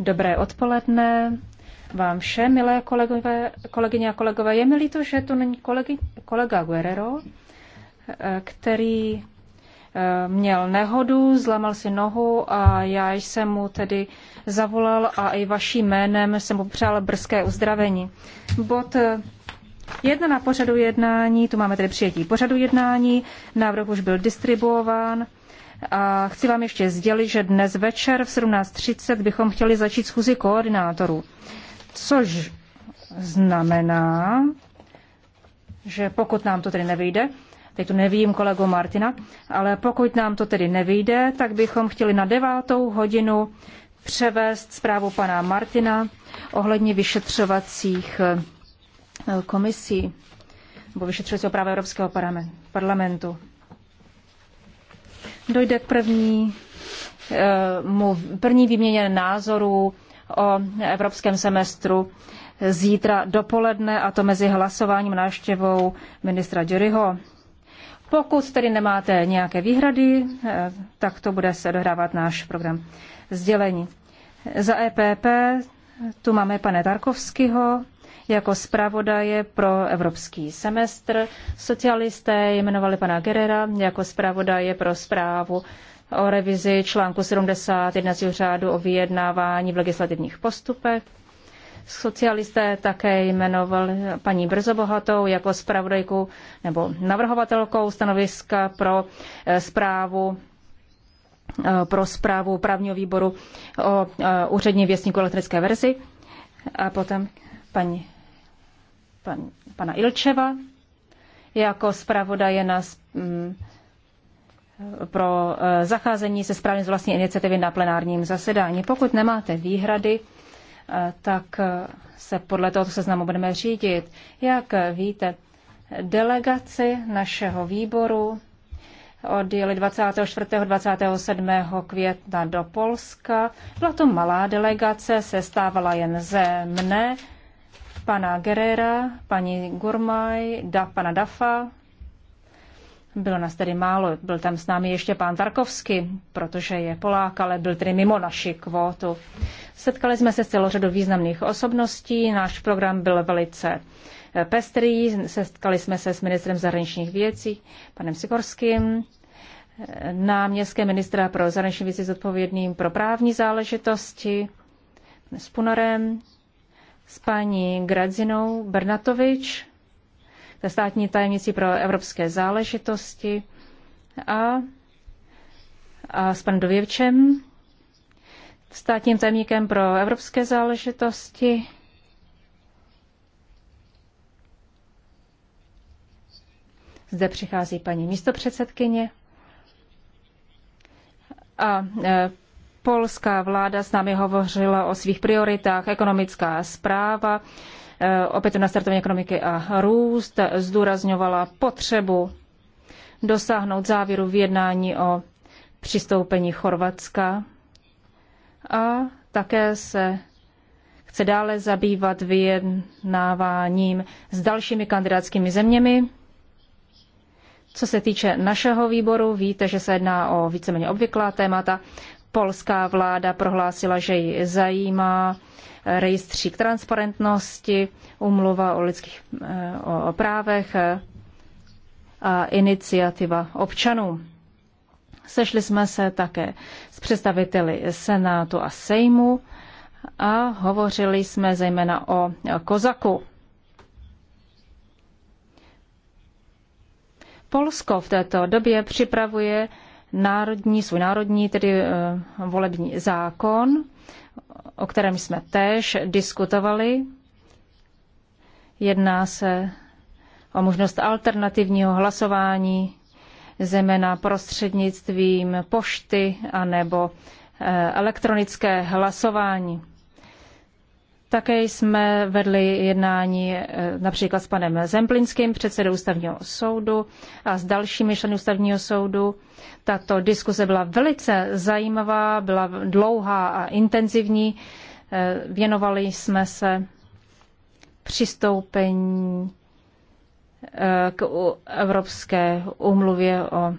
Dobré odpoledne vám všem, milé kolegové, kolegyně a kolegové. Je mi líto, že tu není kolegy, kolega Guerrero, eh, který eh, měl nehodu, zlamal si nohu a já jsem mu tedy zavolal a i vaším jménem jsem mu přál brzké uzdravení. Bod eh, Jedna na pořadu jednání, tu máme tedy přijetí pořadu jednání, návrh už byl distribuován. A chci vám ještě sdělit, že dnes večer v 17.30 bychom chtěli začít schůzi koordinátorů, což znamená, že pokud nám to tedy nevyjde, teď tu nevím kolego Martina, ale pokud nám to tedy nevyjde, tak bychom chtěli na devátou hodinu převést zprávu pana Martina ohledně vyšetřovacích eh, komisí nebo vyšetřovacího práva Evropského parlamentu. Dojde k první, eh, první výměně názorů o evropském semestru zítra dopoledne, a to mezi hlasováním návštěvou ministra Juryho. Pokud tedy nemáte nějaké výhrady, eh, tak to bude se dohrávat náš program sdělení. Za EPP tu máme pane Tarkovského, jako zpravodaje pro evropský semestr. Socialisté jmenovali pana Gerera jako zpravodaje pro zprávu o revizi článku 70 jednacího řádu o vyjednávání v legislativních postupech. Socialisté také jmenovali paní Brzobohatou jako zpravodajku nebo navrhovatelkou stanoviska pro eh, zprávu eh, pro zprávu právního výboru o eh, úřední věstníku elektrické verzi. A potom paní pan, pana Ilčeva jako zpravodaje na, m, mm, pro eh, zacházení se správně z vlastní iniciativy na plenárním zasedání. Pokud nemáte výhrady, eh, tak eh, se podle tohoto seznamu budeme řídit. Jak víte, delegaci našeho výboru odjeli 24. 27. května do Polska. Byla to malá delegace, se stávala jen ze mne, pana Gerera, paní Gurmaj, da, pana Dafa. Bylo nás tedy málo, byl tam s námi ještě pán Tarkovsky, protože je Polák, ale byl tedy mimo naši kvótu. Setkali jsme se s celou řadou významných osobností, náš program byl velice eh, pestrý, setkali jsme se s ministrem zahraničních věcí, panem Sikorským, eh, na městské ministra pro zahraniční věci zodpovědným pro právní záležitosti, s Punarem, s paní Gradzinou Bernatovič, ze státní tajemnicí pro evropské záležitosti a, a s panem Dověvčem, státním tajemníkem pro evropské záležitosti. Zde přichází paní místopředsedkyně. A e, Polská vláda s námi hovořila o svých prioritách, ekonomická zpráva, eh, opět na startování ekonomiky a růst, zdůrazňovala potřebu dosáhnout závěru v jednání o přistoupení Chorvatska a také se chce dále zabývat vyjednáváním s dalšími kandidátskými zeměmi. Co se týče našeho výboru, víte, že se jedná o víceméně obvyklá témata. Polská vláda prohlásila, že ji zajímá rejstřík transparentnosti, umluva o lidských eh, o, o právech eh, a iniciativa občanů. Sešli jsme se také s představiteli Senátu a Sejmu a hovořili jsme zejména o Kozaku. Polsko v této době připravuje národní, svůj národní, tedy eh, volební zákon, o kterém jsme též diskutovali. Jedná se o možnost alternativního hlasování, zejména prostřednictvím pošty anebo eh, elektronické hlasování. Také jsme vedli jednání eh, například s panem Zemplinským, předsedou ústavního soudu a s dalšími členy ústavního soudu. Tato diskuse byla velice zajímavá, byla dlouhá a intenzivní. Eh, věnovali jsme se přistoupení eh, k Evropské úmluvě o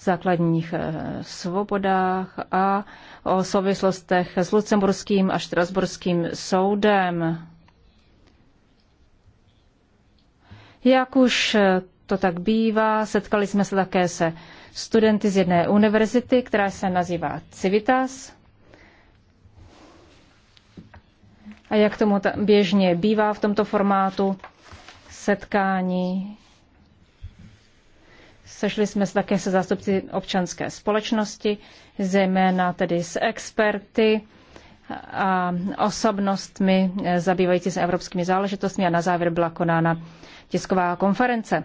základních eh, svobodách a o souvislostech s Lucemburským a Štrasburským soudem. Jak už eh, to tak bývá, setkali jsme se také se studenty z jedné univerzity, která se nazývá Civitas. A jak tomu běžně bývá v tomto formátu setkání, Sešli jsme se také se zástupci občanské společnosti, zejména tedy s experty a osobnostmi eh, zabývající se evropskými záležitostmi a na závěr byla konána tisková konference.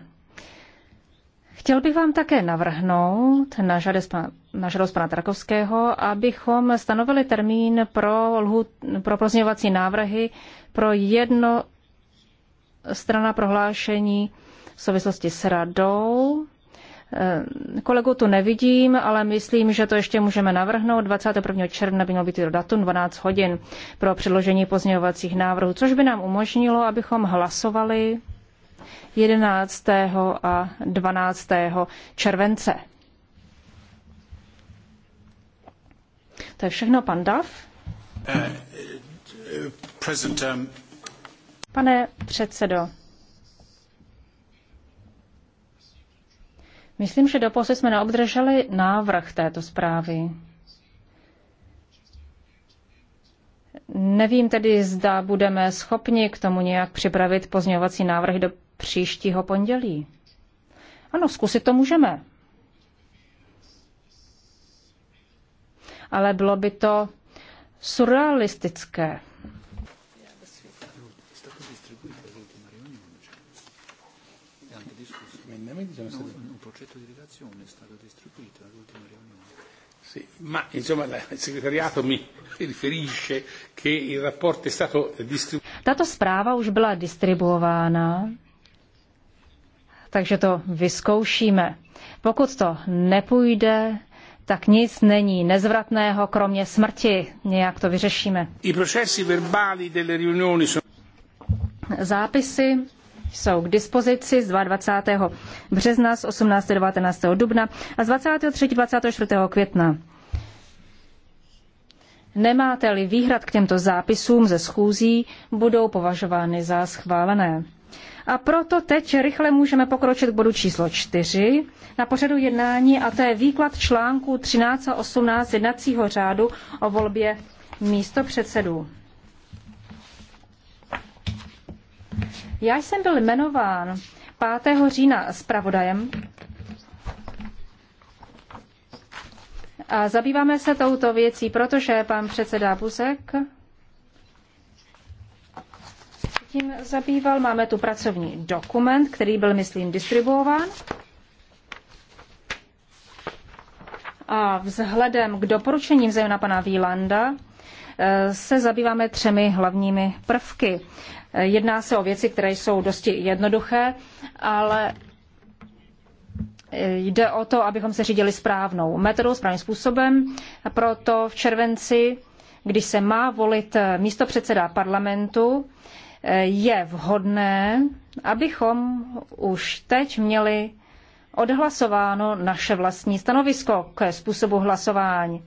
Chtěl bych vám také navrhnout na žádost, pana, na žádost pana Trakovského, abychom stanovili termín pro, lhut, pro pozměňovací návrhy pro jedno strana prohlášení v souvislosti s radou Eh, kolegu tu nevidím, ale myslím, že to ještě můžeme navrhnout. 21. června by mělo být datum 12 hodin pro předložení pozměňovacích návrhů, což by nám umožnilo, abychom hlasovali 11. a 12. července. To je všechno, pan Dav. Eh, eh, um, Pane předsedo, Myslím, že doposud jsme neobdrželi návrh této zprávy. Nevím tedy, zda budeme schopni k tomu nějak připravit pozměňovací návrhy do příštího pondělí. Ano, zkusit to můžeme. Ale bylo by to surrealistické. Já progetto di relazione è stato distribuito all'ultima riunione. Sì, ma insomma il segretariato mi riferisce che il rapporto è stato distribuito. Tato sprava už byla distribuována, takže to vyzkoušíme. Pokud to nepůjde, tak nic není nezvratného, kromě smrti. Nějak to vyřešíme. I procesy verbali delle riunioni sono... Zápisy jsou k dispozici z 22. března, z 18. 19. dubna a z 23. 24. května. Nemáte-li výhrad k těmto zápisům ze schůzí, budou považovány za schválené. A proto teď rychle můžeme pokročit k bodu číslo 4 na pořadu jednání a to je výklad článku 13 a 18 jednacího řádu o volbě místo předsedů. Já jsem byl jmenován 5. října zpravodajem a zabýváme se touto věcí, protože pan předseda Buzek tím zabýval. Máme tu pracovní dokument, který byl, myslím, distribuován. A vzhledem k doporučením zejména pana Výlanda eh, se zabýváme třemi hlavními prvky. Jedná se o věci, které jsou dosti jednoduché, ale jde o to, abychom se řídili správnou metodou, správným způsobem. A proto v červenci, když se má volit místo předseda parlamentu, je vhodné, abychom už teď měli odhlasováno naše vlastní stanovisko k způsobu hlasování.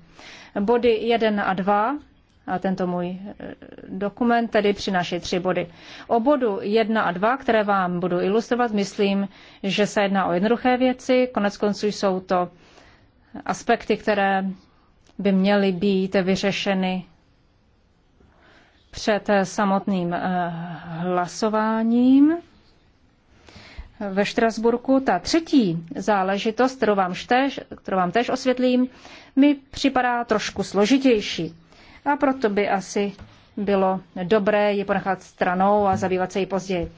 Body 1 a 2 a tento můj eh, dokument tedy přináší tři body. O bodu 1 a 2, které vám budu ilustrovat, myslím, že se jedná o jednoduché věci. Konec konců jsou to aspekty, které by měly být vyřešeny před samotným eh, hlasováním ve Štrasburku. Ta třetí záležitost, kterou vám, štež, kterou vám tež osvětlím, mi připadá trošku složitější a proto by asi bylo dobré ji ponechat stranou a zabývat se ji později.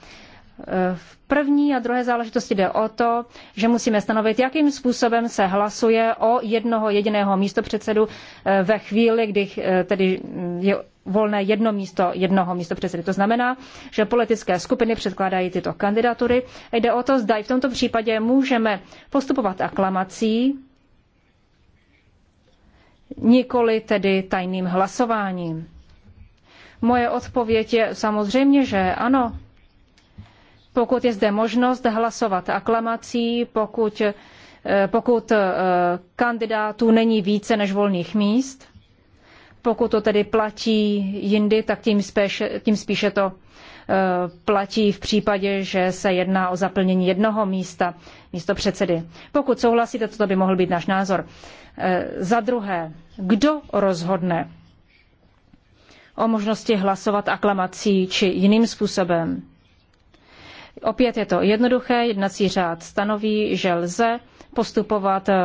V první a druhé záležitosti jde o to, že musíme stanovit, jakým způsobem se hlasuje o jednoho jediného místopředsedu eh, ve chvíli, kdy eh, tedy mm, je volné jedno místo jednoho místopředsedy. To znamená, že politické skupiny předkládají tyto kandidatury. Jde o to, zda i v tomto případě můžeme postupovat aklamací, nikoli tedy tajným hlasováním. Moje odpověď je samozřejmě, že ano. Pokud je zde možnost hlasovat aklamací, pokud, eh, pokud eh, kandidátů není více než volných míst, pokud to tedy platí jindy, tak tím spíše, tím spíše to eh, platí v případě, že se jedná o zaplnění jednoho místa místo předsedy. Pokud souhlasíte, to by mohl být náš názor. Eh, za druhé, kdo rozhodne o možnosti hlasovat aklamací či jiným způsobem? Opět je to jednoduché, jednací řád stanoví, že lze postupovat eh,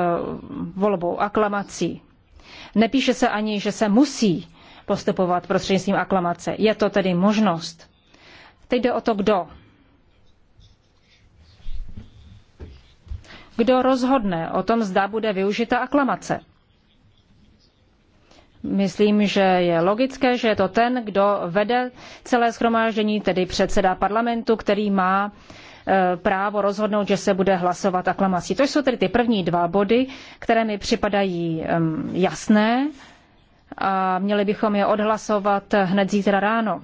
volbou aklamací. Nepíše se ani, že se musí postupovat prostřednictvím aklamace. Je to tedy možnost. Teď jde o to, kdo kdo rozhodne o tom, zda bude využita aklamace. Myslím, že je logické, že je to ten, kdo vede celé schromáždění, tedy předseda parlamentu, který má e, právo rozhodnout, že se bude hlasovat aklamací. To jsou tedy ty první dva body, které mi připadají jasné a měli bychom je odhlasovat hned zítra ráno.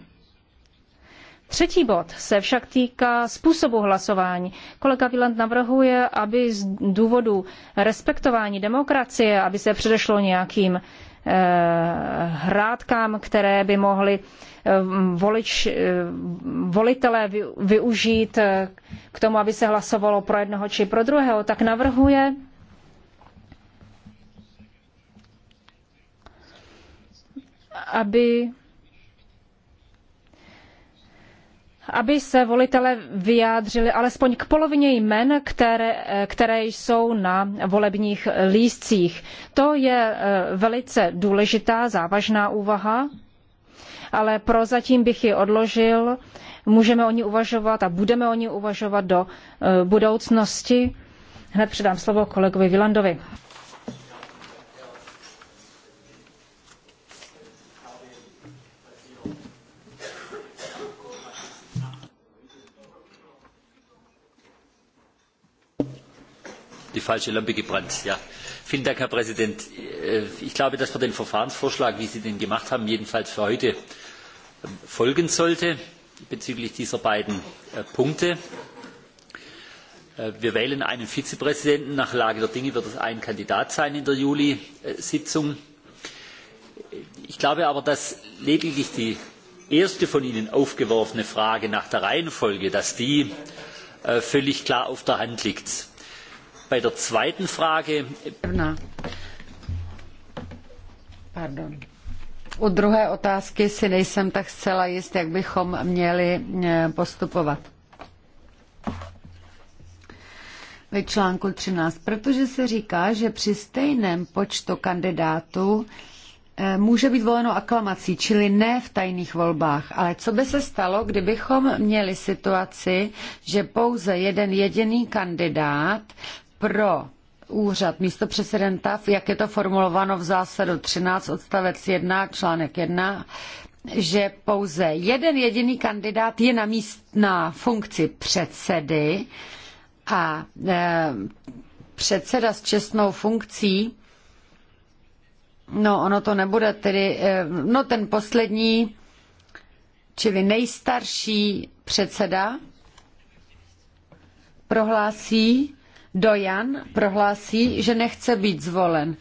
Třetí bod se však týká způsobu hlasování. Kolega Wieland navrhuje, aby z důvodu respektování demokracie, aby se předešlo nějakým eh, hrádkám, které by mohli eh, volič, eh, volitelé využít k tomu, aby se hlasovalo pro jednoho či pro druhého, tak navrhuje aby aby se volitelé vyjádřili alespoň k polovině jmen, které, které jsou na volebních lístcích. To je e, velice důležitá, závažná úvaha, ale prozatím bych ji odložil. Můžeme o ní uvažovat a budeme o ní uvažovat do e, budoucnosti. Hned předám slovo kolegovi Vilandovi. Herr Präsident. Äh, ich glaube, dass man dem Verfahrensvorschlag, wie Sie ihn gemacht haben, jedenfalls für heute ähm, folgen sollte bezüglich dieser beiden äh, Punkte. Äh, wir wählen einen Vizepräsidenten. Nach Lage der Dinge wird es ein Kandidat sein in der Juli-Sitzung. Ich glaube aber, dass lediglich die erste von Ihnen aufgeworfene Frage nach der Reihenfolge, völlig klar auf der Hand liegt. Bei der zweiten Frage. Pardon. U druhé otázky si nejsem tak zcela jist, jak bychom měli eh, postupovat. Ve článku 13, protože se říká, že při stejném počtu kandidátů eh, může být voleno aklamací, čili ne v tajných volbách. Ale co by se stalo, kdybychom měli situaci, že pouze jeden jediný kandidát pro úřad místo prezidenta, jak je to formulováno v zásadu 13 odstavec 1 článek 1, že pouze jeden jediný kandidát je na, míst, na funkci předsedy a e, předseda s čestnou funkcí, no ono to nebude tedy, e, no ten poslední, čili nejstarší předseda, prohlásí, Dojan prohlásí, že nechce být zvolen.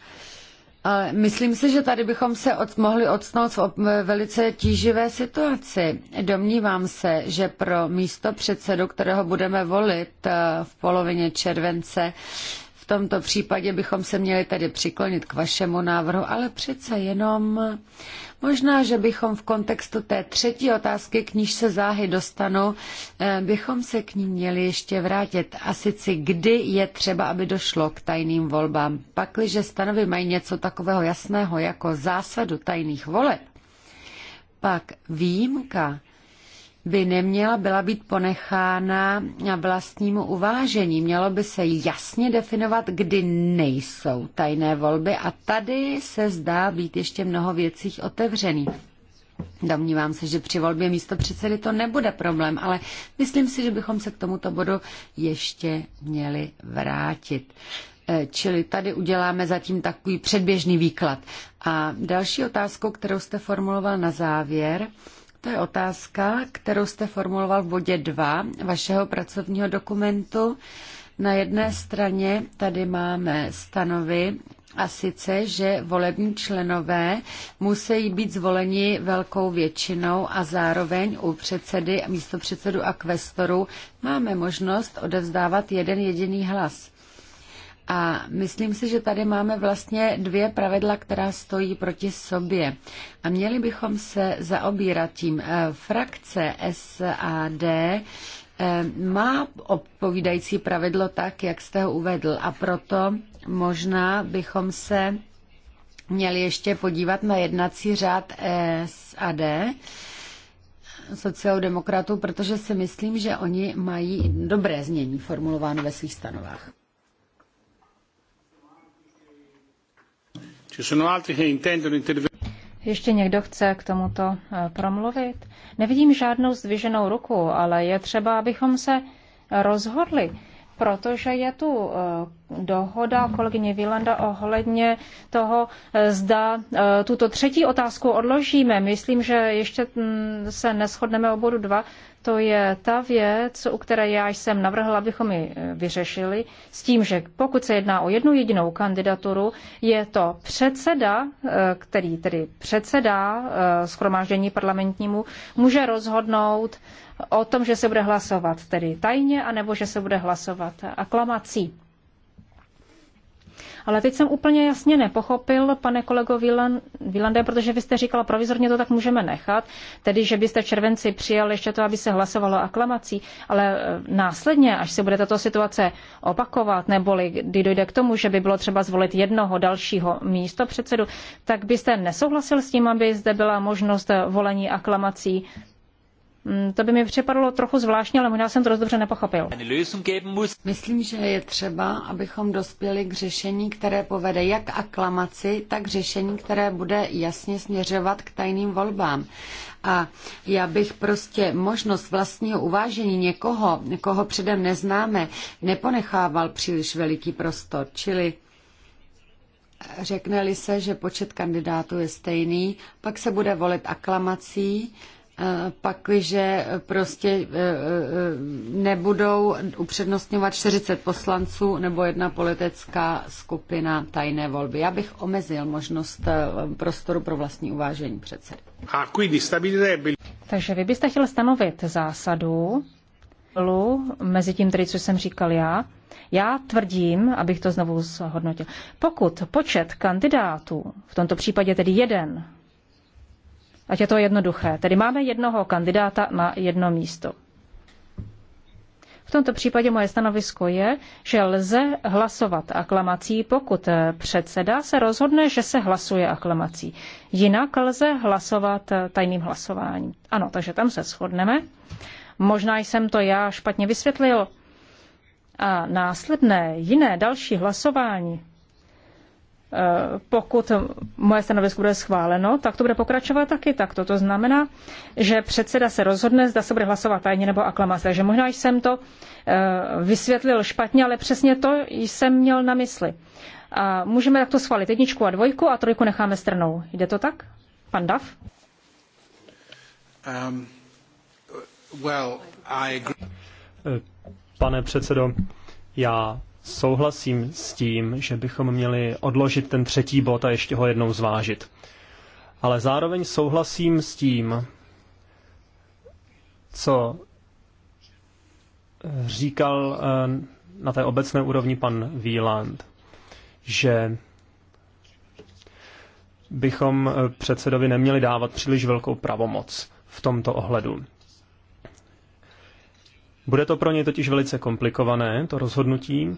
myslím si, že tady bychom se od, mohli odstnout v velice tíživé situaci. Domnívám se, že pro místo předsedu, kterého budeme volit eh, v polovině července, tomto případě bychom se měli tedy přiklonit k vašemu návrhu, ale přece jenom možná, že bychom v kontextu té třetí otázky, k níž se záhy dostanou, eh, bychom se k ní měli ještě vrátit. A sice kdy je třeba, aby došlo k tajným volbám. Pakliže stanovy mají něco takového jasného jako zásadu tajných voleb, pak výjimka by neměla byla být ponechána na vlastnímu uvážení. Mělo by se jasně definovat, kdy nejsou tajné volby a tady se zdá být ještě mnoho věcí otevřených. Domnívám se, že při volbě místo předsedy to nebude problém, ale myslím si, že bychom se k tomuto bodu ještě měli vrátit. E, čili tady uděláme zatím takový předběžný výklad. A další otázkou, kterou jste formuloval na závěr, to je otázka, kterou jste formuloval v bodě 2 vašeho pracovního dokumentu. Na jedné straně tady máme stanovy, a sice, že volební členové musí být zvoleni velkou většinou a zároveň u předsedy, místopředsedu a kvestoru máme možnost odevzdávat jeden jediný hlas. A myslím si, že tady máme vlastně dvě pravidla, která stojí proti sobě. A měli bychom se zaobírat tím. E, frakce SAD e, má odpovídající pravidlo tak, jak jste ho uvedl. A proto možná bychom se měli ještě podívat na jednací řád SAD sociodemokratů, protože si myslím, že oni mají dobré znění formulováno ve svých stanovách. Ještě někdo chce k tomuto eh, promluvit? Nevidím žádnou zdviženou ruku, ale je třeba, abychom se rozhodli, protože je tu eh, dohoda kolegyně Vilanda ohledně toho, eh, zda tuto třetí otázku odložíme. Myslím, že ještě mm, se neschodneme o bodu dva to je ta věc, u které já jsem navrhla, abychom ji eh, vyřešili, s tím, že pokud se jedná o jednu jedinou kandidaturu, je to předseda, eh, který tedy předsedá eh, schromáždění parlamentnímu, může rozhodnout o tom, že se bude hlasovat tedy tajně, anebo že se bude hlasovat aklamací. Ale teď jsem úplně jasně nepochopil, pane kolego Vilande, protože vy jste říkala, provizorně to tak můžeme nechat, tedy že byste v červenci přijali ještě to, aby se hlasovalo aklamací, ale e, následně, až se bude tato situace opakovat, neboli kdy dojde k tomu, že by bylo třeba zvolit jednoho dalšího místo předsedu, tak byste nesouhlasil s tím, aby zde byla možnost volení aklamací Mm, to by mi připadalo trochu zvláštně, ale možná jsem to dost dobře nepochopil. Myslím, že je třeba, abychom dospěli k řešení, které povede jak aklamaci, tak řešení, které bude jasně směřovat k tajným volbám. A já bych prostě možnost vlastního uvážení někoho, koho předem neznáme, neponechával příliš veliký prostor. Čili řekne-li se, že počet kandidátů je stejný, pak se bude volit aklamací, pakliže prostě e, e, nebudou upřednostňovat 40 poslanců nebo jedna politická skupina tajné volby. Já bych omezil možnost e, prostoru pro vlastní uvážení předsedy. Takže vy byste chtěl stanovit zásadu mezi tím, tedy, co jsem říkal já. Já tvrdím, abych to znovu zhodnotil, pokud počet kandidátů, v tomto případě tedy jeden, Ať je to jednoduché. Tedy máme jednoho kandidáta na jedno místo. V tomto případě moje stanovisko je, že lze hlasovat aklamací, pokud eh, předseda se rozhodne, že se hlasuje aklamací. Jinak lze hlasovat eh, tajným hlasováním. Ano, takže tam se shodneme. Možná jsem to já špatně vysvětlil. A následné jiné další hlasování Eh, pokud moje stanovisko bude schváleno, tak to bude pokračovat taky takto. To znamená, že předseda se rozhodne, zda se bude hlasovat tajně nebo aklamace. Takže možná jsem to eh, vysvětlil špatně, ale přesně to jsem měl na mysli. A můžeme takto schválit jedničku a dvojku a trojku necháme stranou. Jde to tak? Pan Dav? Um, well, eh, Pane předsedo, já souhlasím s tím, že bychom měli odložit ten třetí bod a ještě ho jednou zvážit. Ale zároveň souhlasím s tím, co eh, říkal eh, na té obecné úrovni pan Wieland, že bychom eh, předsedovi neměli dávat příliš velkou pravomoc v tomto ohledu. Bude to pro něj totiž velice komplikované, to rozhodnutí,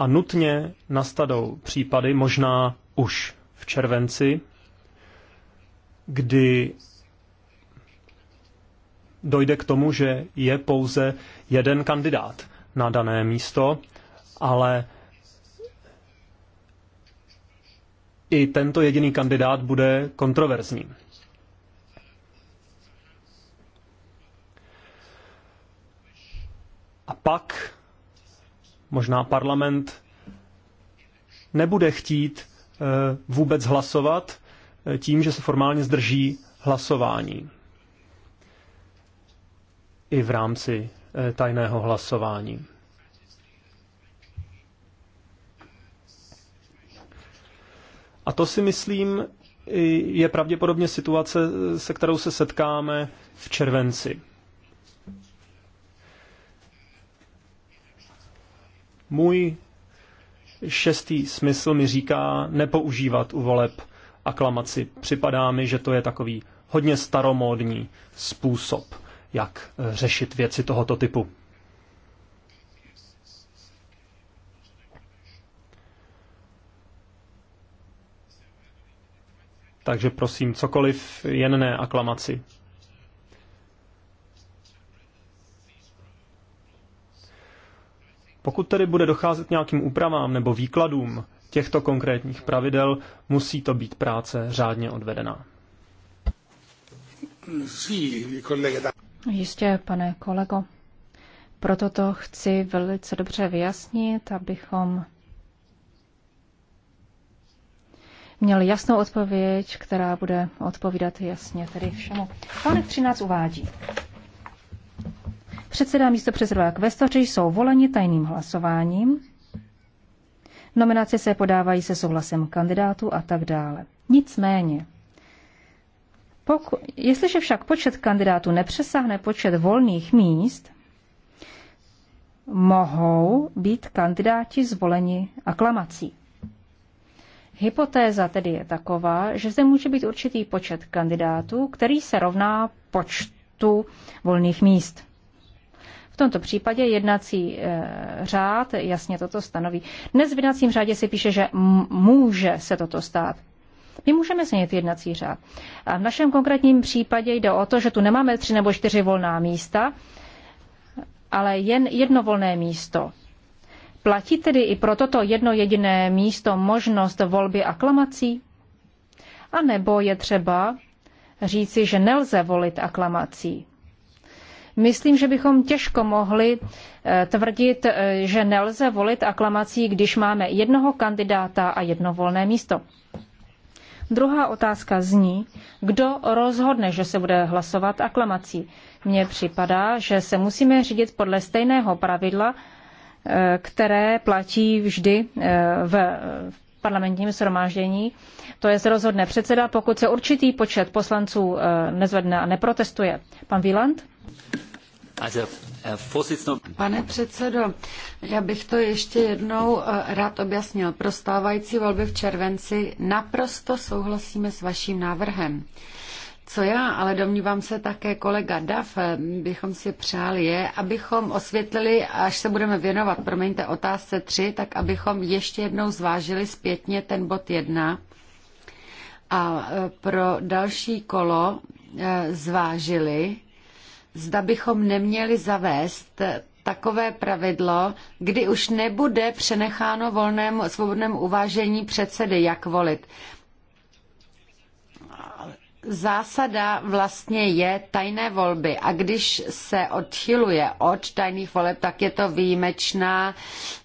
a nutně nastadou případy, možná už v červenci, kdy dojde k tomu, že je pouze jeden kandidát na dané místo, ale i tento jediný kandidát bude kontroverzní. A pak Možná parlament nebude chtít eh, vůbec hlasovat eh, tím, že se formálně zdrží hlasování. I v rámci eh, tajného hlasování. A to si myslím, je pravděpodobně situace, se kterou se setkáme v červenci. Můj šestý smysl mi říká nepoužívat u voleb aklamaci. Připadá mi, že to je takový hodně staromódní způsob, jak eh, řešit věci tohoto typu. Takže prosím, cokoliv, jen ne aklamaci. Pokud tedy bude docházet k nějakým úpravám nebo výkladům těchto konkrétních pravidel, musí to být práce řádně odvedená. Jistě, pane kolego. Proto to chci velice dobře vyjasnit, abychom měli jasnou odpověď, která bude odpovídat jasně tedy všemu. Článek 13 uvádí. Předseda a místopředsedové a kvestoři jsou voleni tajným hlasováním. Nominace se podávají se souhlasem kandidátů a tak dále. Nicméně, poku- jestliže však počet kandidátů nepřesáhne počet volných míst, mohou být kandidáti zvoleni aklamací. Hypotéza tedy je taková, že zde může být určitý počet kandidátů, který se rovná počtu volných míst tomto případě jednací eh, řád jasně toto stanoví. Dnes v jednacím řádě se píše, že může se toto stát. My můžeme změnit jednací řád. A v našem konkrétním případě jde o to, že tu nemáme tři nebo čtyři volná místa, ale jen jedno volné místo. Platí tedy i pro toto jedno jediné místo možnost volby aklamací? A nebo je třeba říci, že nelze volit aklamací? Myslím, že bychom těžko mohli eh, tvrdit, eh, že nelze volit aklamací, když máme jednoho kandidáta a jedno volné místo. Druhá otázka zní, kdo rozhodne, že se bude hlasovat aklamací. Mně připadá, že se musíme řídit podle stejného pravidla, eh, které platí vždy v parlamentním shromáždění, to je rozhodne předseda, pokud se určitý počet poslanců eh, nezvedne a neprotestuje. Pan Wieland? Pane předsedo, já bych to ještě jednou eh, rád objasnil. Pro stávající volby v červenci naprosto souhlasíme s vaším návrhem. Co já, ale domnívám se také kolega Daf, bychom si přáli je, abychom osvětlili, až se budeme věnovat, promiňte, otázce 3, tak abychom ještě jednou zvážili zpětně ten bod 1 a e, pro další kolo e, zvážili, zda bychom neměli zavést takové pravidlo, kdy už nebude přenecháno volnému svobodnému uvážení předsedy, jak volit zásada vlastně je tajné volby a když se odchyluje od tajných voleb, tak je to výjimečná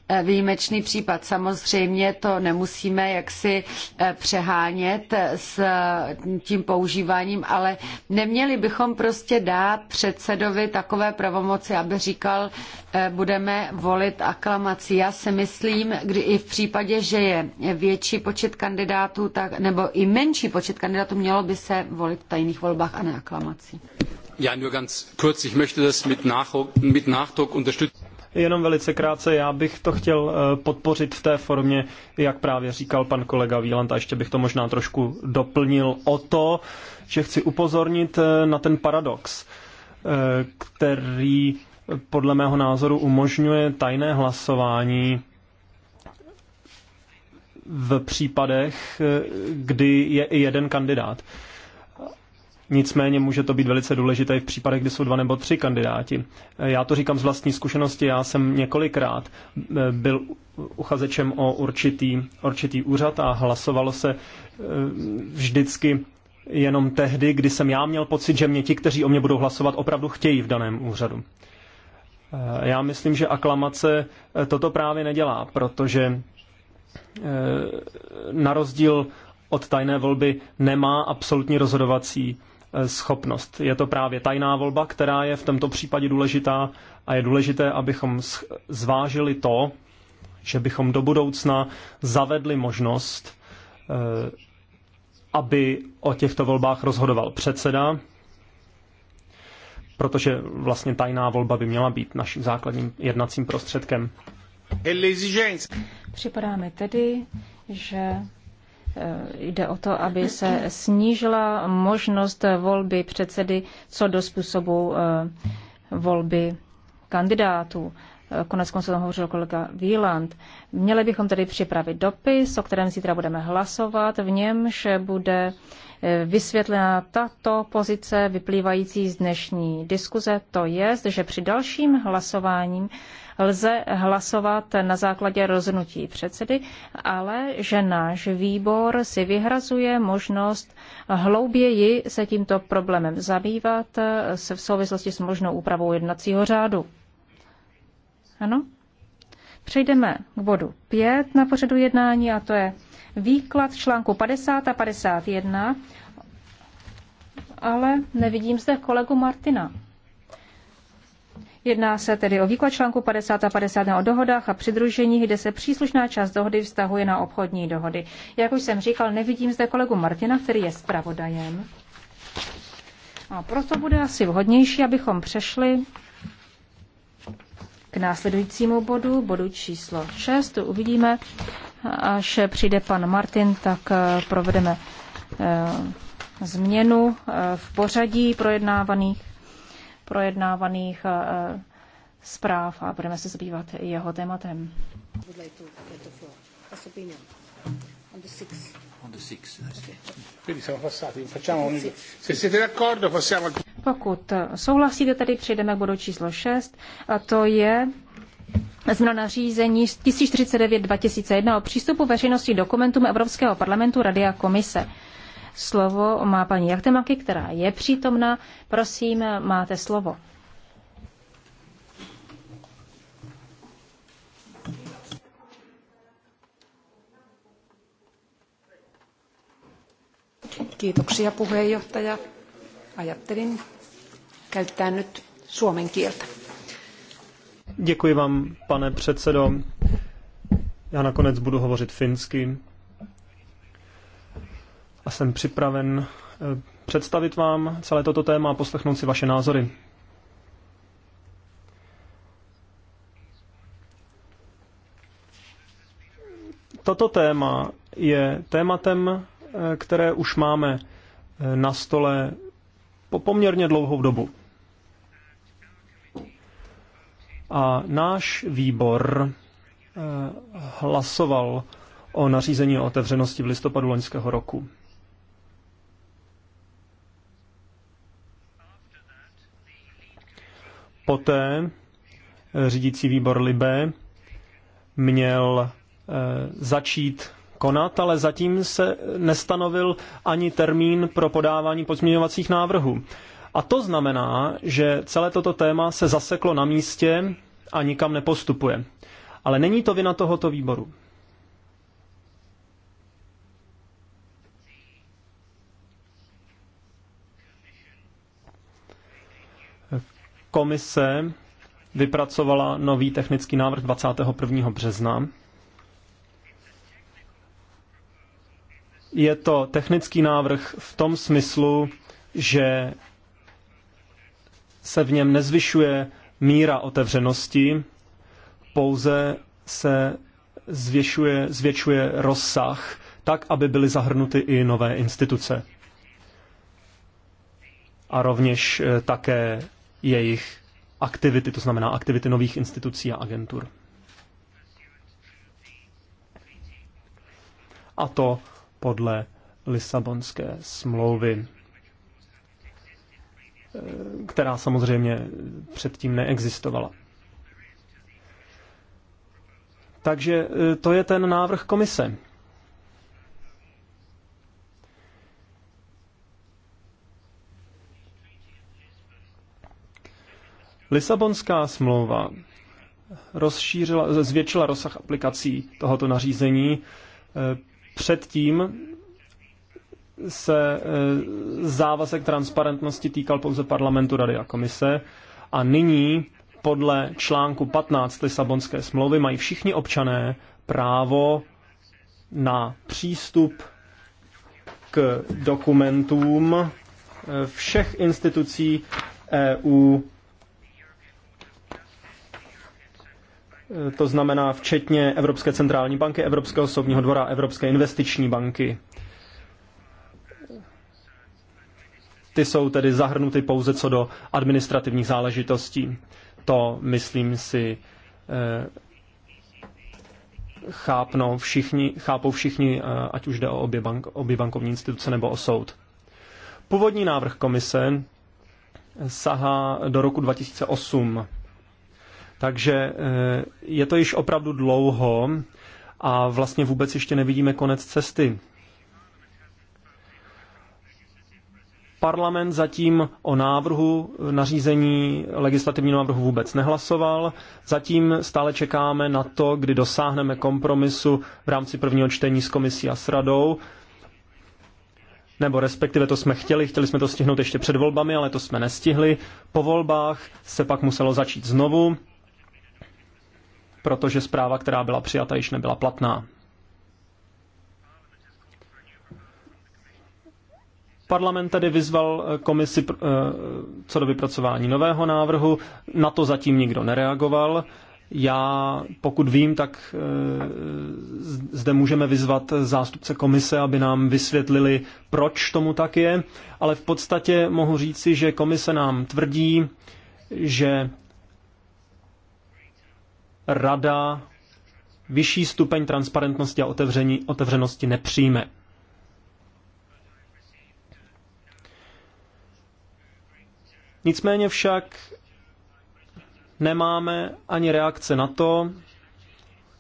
Eh, výjimečný případ. Samozřejmě to nemusíme jaksi eh, přehánět eh, s mm, tím používáním, ale neměli bychom prostě dát předsedovi takové pravomoci, aby říkal, budeme volit aklamací. Já si myslím, kdy i v případě, že je větší počet kandidátů, tak, nebo i menší počet kandidátů, mělo by se volit v tajných volbách a ne aklamací. Ja, nur ganz kurz, ich möchte das mit Nachdruck unterstützen. Jenom velice krátce, já bych to chtěl eh, podpořit v té formě, jak právě říkal pan kolega Víland, a ještě bych to možná trošku doplnil o to, že chci upozornit eh, na ten paradox, eh, který podle mého názoru umožňuje tajné hlasování v případech, kdy je i jeden kandidát. Nicméně může to být velice důležité i v případech, kdy jsou dva nebo tři kandidáti. Já to říkám z vlastní zkušenosti, já jsem několikrát eh, byl uchazečem o určitý, určitý úřad a hlasovalo se eh, vždycky jenom tehdy, kdy jsem já měl pocit, že mě ti, kteří o mě budou hlasovat, opravdu chtějí v daném úřadu. Eh, já myslím, že aklamace toto právě nedělá, protože na rozdíl od tajné volby nemá absolutní rozhodovací schopnost. Je to právě tajná volba, která je v tomto případě důležitá a je důležité, abychom zvážili to, že bychom do budoucna zavedli možnost, eh, aby o těchto volbách rozhodoval předseda, protože vlastně tajná volba by měla být naším základním jednacím prostředkem. Připadá mi tedy, že Eh, jde o to, aby se snížila možnost volby předsedy co do způsobu eh, volby kandidátů. Eh, konec konců tam hovořil kolega Wieland. Měli bychom tedy připravit dopis, o kterém zítra budeme hlasovat. V němž bude vysvětlena tato pozice vyplývající z dnešní diskuze. To je, že při dalším hlasováním lze hlasovat na základě rozhodnutí předsedy, ale že náš výbor si vyhrazuje možnost hlouběji se tímto problémem zabývat se v souvislosti s možnou úpravou jednacího řádu. Ano? Přejdeme k bodu 5 na pořadu jednání a to je výklad článku 50 a 51, ale nevidím zde kolegu Martina. Jedná se tedy o výklad článku 50 a 51 o dohodách a přidružení, kde se příslušná část dohody vztahuje na obchodní dohody. Jak už jsem říkal, nevidím zde kolegu Martina, který je zpravodajem. A proto bude asi vhodnější, abychom přešli k následujícímu bodu, bodu číslo 6. Tu uvidíme, až přijde pan Martin, tak eh, provedeme eh, změnu eh, v pořadí projednávaných projednávaných eh, zpráv a budeme se zabývat jeho tématem. Pokud souhlasíte, tedy přejdeme k bodu číslo 6, a to je změna řízení 1049-2001 o přístupu veřejnosti dokumentům Evropského parlamentu, Rady a Komise. Slovo má paní Jachtemaky, která je přítomna. Prosím, máte slovo. Kiitoksia puheenjohtaja. Ajattelin käyttää nyt suomen kieltä. Děkuji vám, pane předsedo. Já nakonec budu hovořit finsky a jsem připraven eh, představit vám celé toto téma a poslechnout si vaše názory. Toto téma je tématem, eh, které už máme eh, na stole po poměrně dlouhou dobu. A náš výbor hlasoval o nařízení o otevřenosti v listopadu loňského roku. Poté eh, řídící výbor Libe měl eh, začít konat, ale zatím se nestanovil ani termín pro podávání pozměňovacích návrhů. A to znamená, že celé toto téma se zaseklo na místě a nikam nepostupuje. Ale není to vina tohoto výboru. Komise vypracovala nový technický návrh 21. března. Je to technický návrh v tom smyslu, že se v něm nezvyšuje míra otevřenosti, pouze se zvětšuje, zvětšuje rozsah, tak, aby byly zahrnuty i nové instituce. A rovněž eh, také jejich aktivity, to znamená aktivity nových institucí a agentur. A to podle Lisabonské smlouvy, eh, která samozřejmě předtím neexistovala. Takže eh, to je ten návrh komise. Lisabonská smlouva rozšířila, zvětšila rozsah aplikací tohoto nařízení. Eh, předtím se eh, závazek transparentnosti týkal pouze parlamentu, rady a komise a nyní podle článku 15 Lisabonské smlouvy mají všichni občané právo na přístup k dokumentům eh, všech institucí EU to znamená včetně Evropské centrální banky, Evropského soudního dvora, Evropské investiční banky. Ty jsou tedy zahrnuty pouze co do administrativních záležitostí. To, myslím si, eh, chápnou všichni, chápou všichni, eh, ať už jde o obě, bank, obě bankovní instituce nebo o soud. Původní návrh komise sahá do roku 2008 takže eh, je to již opravdu dlouho a vlastně vůbec ještě nevidíme konec cesty. Parlament zatím o návrhu nařízení legislativního návrhu vůbec nehlasoval. Zatím stále čekáme na to, kdy dosáhneme kompromisu v rámci prvního čtení s komisí a s radou. Nebo respektive to jsme chtěli, chtěli jsme to stihnout ještě před volbami, ale to jsme nestihli. Po volbách se pak muselo začít znovu protože zpráva, která byla přijata, již nebyla platná. Parlament tedy vyzval komisi eh, co do vypracování nového návrhu, na to zatím nikdo nereagoval. Já, pokud vím, tak eh, zde můžeme vyzvat zástupce komise, aby nám vysvětlili, proč tomu tak je, ale v podstatě mohu říci, že komise nám tvrdí, že rada vyšší stupeň transparentnosti a otevření, otevřenosti nepřijme. Nicméně však nemáme ani reakce na to,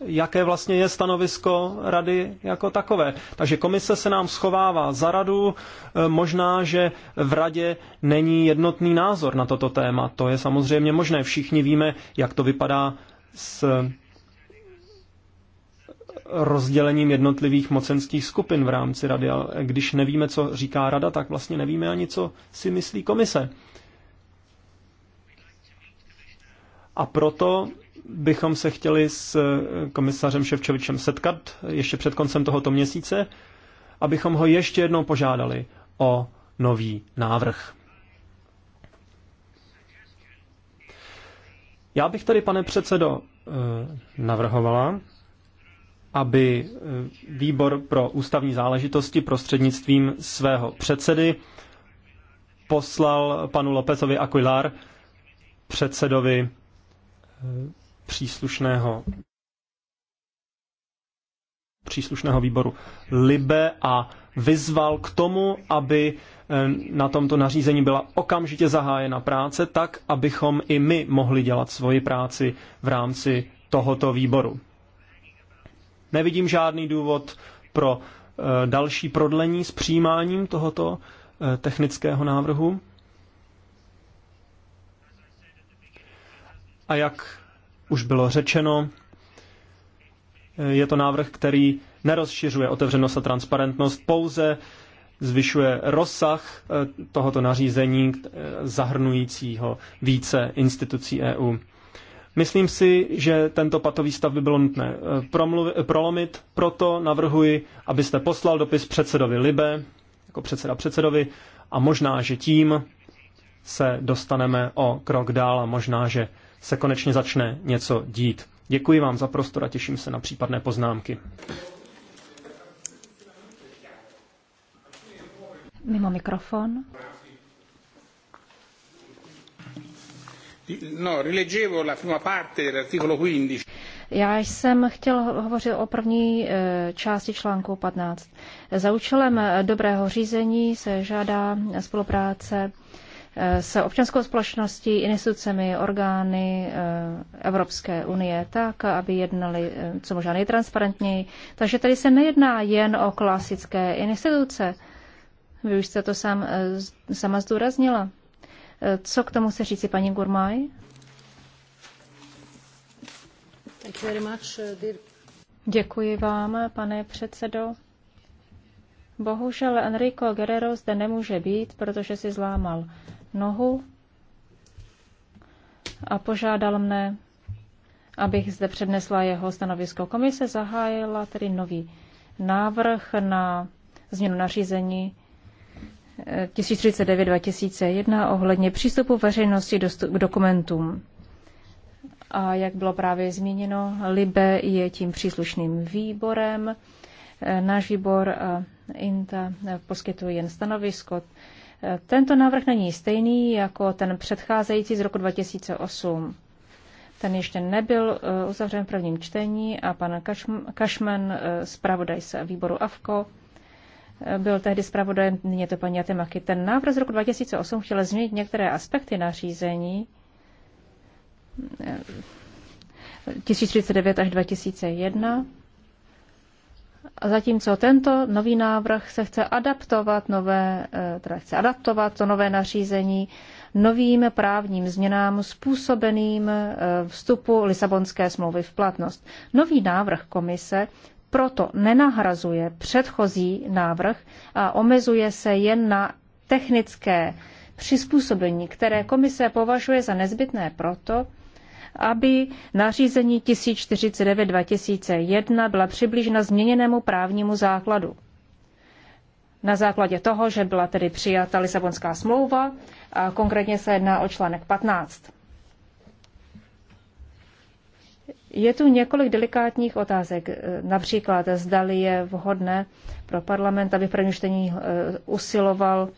jaké vlastně je stanovisko rady jako takové. Takže komise se nám schovává za radu, e, možná, že v radě není jednotný názor na toto téma. To je samozřejmě možné. Všichni víme, jak to vypadá s rozdělením jednotlivých mocenských skupin v rámci rady. Ale když nevíme, co říká rada, tak vlastně nevíme ani, co si myslí komise. A proto bychom se chtěli s komisařem Ševčovičem setkat ještě před koncem tohoto měsíce, abychom ho ještě jednou požádali o nový návrh. Já bych tady, pane předsedo, eh, navrhovala, aby eh, výbor pro ústavní záležitosti prostřednictvím svého předsedy poslal panu Lópezovi Aquilar, předsedovi eh, příslušného příslušného výboru Libe a vyzval k tomu, aby Eh, na tomto nařízení byla okamžitě zahájena práce tak, abychom i my mohli dělat svoji práci v rámci tohoto výboru. Nevidím žádný důvod pro eh, další prodlení s přijímáním tohoto eh, technického návrhu. A jak už bylo řečeno, je to návrh, který nerozšiřuje otevřenost a transparentnost, pouze zvyšuje rozsah eh, tohoto nařízení eh, zahrnujícího více institucí EU. Myslím si, že tento patový stav by bylo nutné eh, promluv, prolomit, proto navrhuji, abyste poslal dopis předsedovi Libe, jako předseda předsedovi, a možná, že tím se dostaneme o krok dál a možná, že se konečně začne něco dít. Děkuji vám za prostor a těším se na případné poznámky. Mimo mikrofon. No, rileggevo la prima parte dell'articolo 15. Já jsem chtěl hovořit o první eh, části článku 15. Za účelem eh, dobrého řízení se žádá spolupráce eh, se občanskou společností, institucemi, orgány Evropské unie tak, aby jednali co možná nejtransparentněji. Takže tady se nejedná jen o klasické instituce, vy už jste to sám, eh, sama zdůraznila. Eh, co k tomu se říci, paní Gurmaj? Eh, Děkuji vám, pane předsedo. Bohužel Enrico Guerrero zde nemůže být, protože si zlámal nohu a požádal mne, abych zde přednesla jeho stanovisko. Komise zahájila tedy nový návrh na změnu nařízení 1039-2001 ohledně přístupu veřejnosti k dokumentům. A jak bylo právě zmíněno, LIBE je tím příslušným výborem. Náš výbor INTA poskytuje jen stanovisko. Tento návrh není stejný jako ten předcházející z roku 2008. Ten ještě nebyl e, uzavřen v prvním čtení a pan Kašman, e, zpravodaj se výboru AFKO, byl tehdy zpravodajem, nyní to paní Atemaky. Ten návrh z roku 2008 chtěl změnit některé aspekty nařízení 1039 eh, až 2001, a zatímco tento nový návrh se chce adaptovat, nové, eh, teda chce adaptovat to nové nařízení novým právním změnám způsobeným eh, vstupu Lisabonské smlouvy v platnost. Nový návrh komise proto nenahrazuje předchozí návrh a omezuje se jen na technické přizpůsobení, které komise považuje za nezbytné proto, aby nařízení 1049-2001 byla přiblížena změněnému právnímu základu. Na základě toho, že byla tedy přijata Lisabonská smlouva, a konkrétně se jedná o článek 15. Je tu několik delikátních otázek, eh, například zdali je vhodné pro parlament, aby v prvním čtení eh, usiloval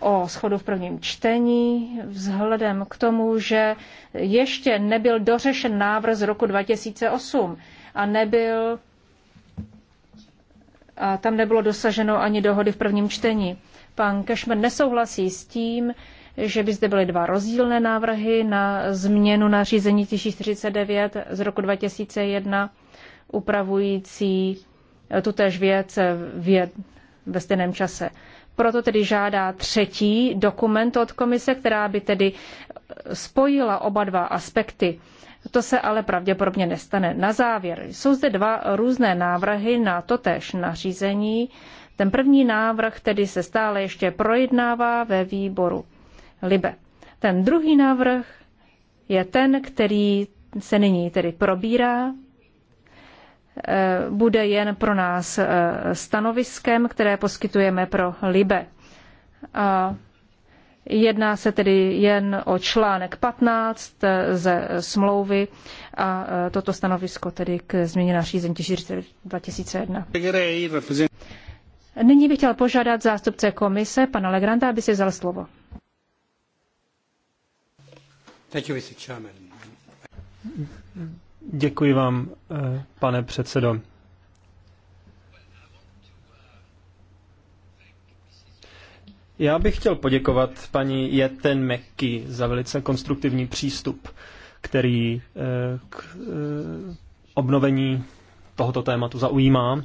o schodu v prvním čtení, vzhledem k tomu, že ještě nebyl dořešen návrh z roku 2008 a nebyl a tam nebylo dosaženo ani dohody v prvním čtení. Pan Kešmer nesouhlasí s tím, že by zde byly dva rozdílné návrhy na změnu nařízení 1049 z roku 2001 upravující eh, tutéž věc eh, ve stejném čase. Proto tedy žádá třetí dokument od komise, která by tedy eh, spojila oba dva aspekty. To se ale pravděpodobně nestane. Na závěr jsou zde dva různé návrhy na totéž nařízení. Ten první návrh tedy se stále ještě projednává ve výboru Libe. Ten druhý návrh je ten, který se nyní tedy probírá. Eh, bude jen pro nás eh, stanoviskem, které poskytujeme pro Libe. A jedná se tedy jen o článek 15 eh, ze smlouvy a toto stanovisko tedy k změně nařízení 2001. Nyní bych chtěl požádat zástupce komise, pana Legranda, aby si vzal slovo. Thank you, Mr. Chairman. Děkuji vám, eh, pane předsedo. Já bych chtěl poděkovat paní Jeten Mekky za velice konstruktivní přístup, který eh, k eh, obnovení tohoto tématu zaujímá.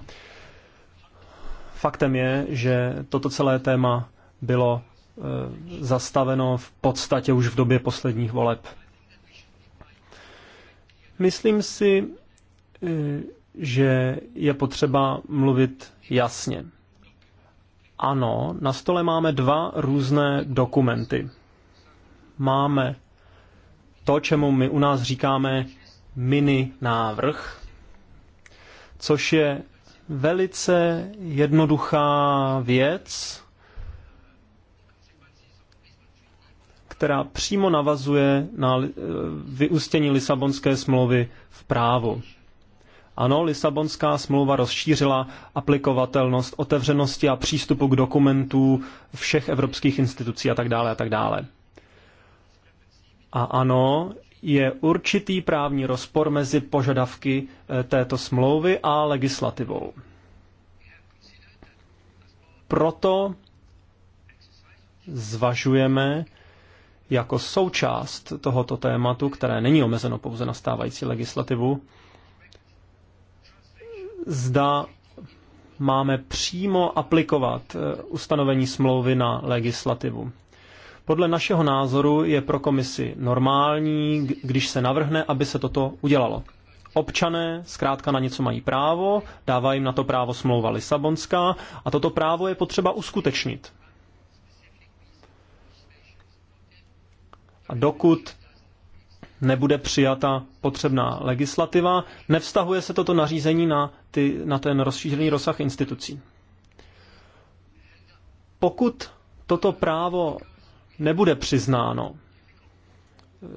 Faktem je, že toto celé téma bylo Eh, zastaveno v podstatě už v době posledních voleb. Myslím si, eh, že je potřeba mluvit jasně. Ano, na stole máme dva různé dokumenty. Máme to, čemu my u nás říkáme mini návrh, což je velice jednoduchá věc, která přímo navazuje na eh, vyústění Lisabonské smlouvy v právu. Ano, Lisabonská smlouva rozšířila aplikovatelnost otevřenosti a přístupu k dokumentů všech evropských institucí a tak dále a tak dále. A ano, je určitý právní rozpor mezi požadavky eh, této smlouvy a legislativou. Proto zvažujeme, jako součást tohoto tématu, které není omezeno pouze na stávající legislativu, zda máme přímo aplikovat eh, ustanovení smlouvy na legislativu. Podle našeho názoru je pro komisi normální, když se navrhne, aby se toto udělalo. Občané zkrátka na něco mají právo, dává jim na to právo smlouva Lisabonská a toto právo je potřeba uskutečnit. A dokud nebude přijata potřebná legislativa, nevztahuje se toto nařízení na, ty, na ten rozšířený rozsah institucí. Pokud toto právo nebude přiznáno eh,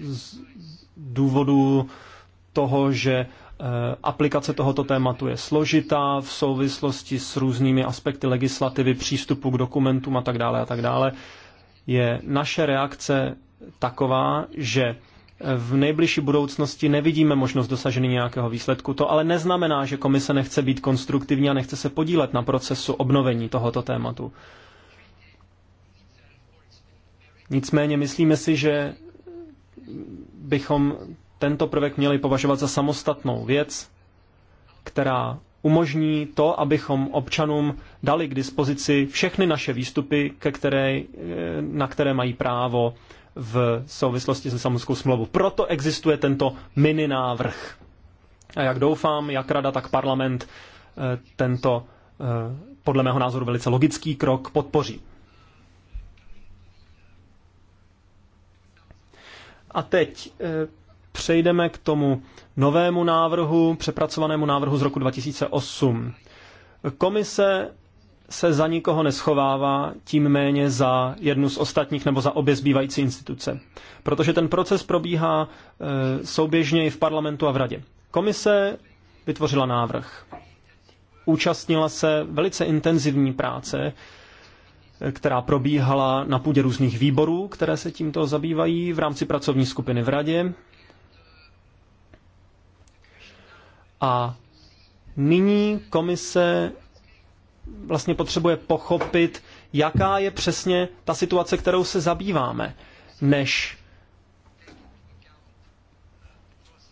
z důvodu toho, že eh, aplikace tohoto tématu je složitá v souvislosti s různými aspekty legislativy, přístupu k dokumentům a tak dále a tak dále, je naše reakce taková, že v nejbližší budoucnosti nevidíme možnost dosažení nějakého výsledku. To ale neznamená, že komise nechce být konstruktivní a nechce se podílet na procesu obnovení tohoto tématu. Nicméně myslíme si, že bychom tento prvek měli považovat za samostatnou věc, která umožní to, abychom občanům dali k dispozici všechny naše výstupy, ke které, na které mají právo v souvislosti se samotnou smlouvou. Proto existuje tento mini návrh. A jak doufám, jak rada, tak parlament eh, tento eh, podle mého názoru velice logický krok podpoří. A teď eh, přejdeme k tomu novému návrhu, přepracovanému návrhu z roku 2008. Komise se za nikoho neschovává, tím méně za jednu z ostatních nebo za obě zbývající instituce. Protože ten proces probíhá e, souběžně i v parlamentu a v radě. Komise vytvořila návrh. Účastnila se velice intenzivní práce, e, která probíhala na půdě různých výborů, které se tímto zabývají v rámci pracovní skupiny v radě. A nyní komise vlastně potřebuje pochopit, jaká je přesně ta situace, kterou se zabýváme, než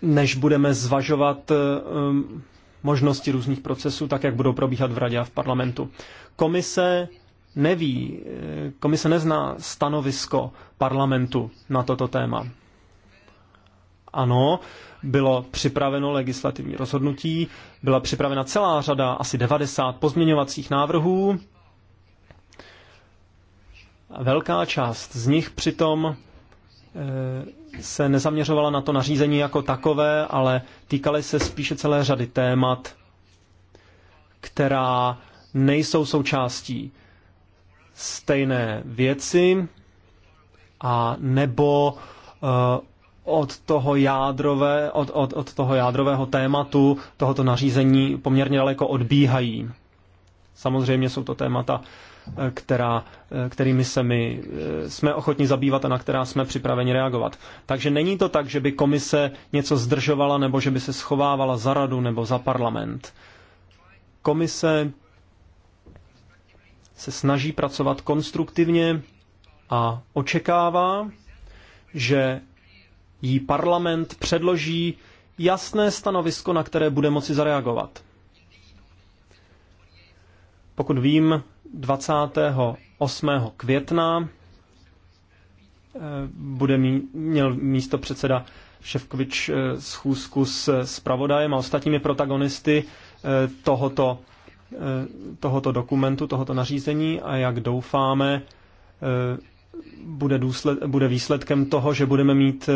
než budeme zvažovat um, možnosti různých procesů, tak jak budou probíhat v radě a v parlamentu. Komise neví, eh, komise nezná stanovisko parlamentu na toto téma. Ano, bylo připraveno legislativní rozhodnutí, byla připravena celá řada, asi 90 pozměňovacích návrhů. A velká část z nich přitom eh, se nezaměřovala na to nařízení jako takové, ale týkaly se spíše celé řady témat, která nejsou součástí stejné věci a nebo eh, od toho, jádrové, od, od, od toho jádrového tématu tohoto nařízení poměrně daleko odbíhají. Samozřejmě jsou to témata, eh, která, eh, kterými se my eh, jsme ochotni zabývat a na která jsme připraveni reagovat. Takže není to tak, že by komise něco zdržovala nebo že by se schovávala za radu nebo za parlament. Komise se snaží pracovat konstruktivně a očekává, že jí parlament předloží jasné stanovisko, na které bude moci zareagovat. Pokud vím, 28. května eh, bude mý, měl místo předseda Ševkovič eh, schůzku s zpravodajem a ostatními protagonisty eh, tohoto, tohoto dokumentu, tohoto nařízení a jak doufáme, bude, důsled, bude výsledkem toho, že budeme mít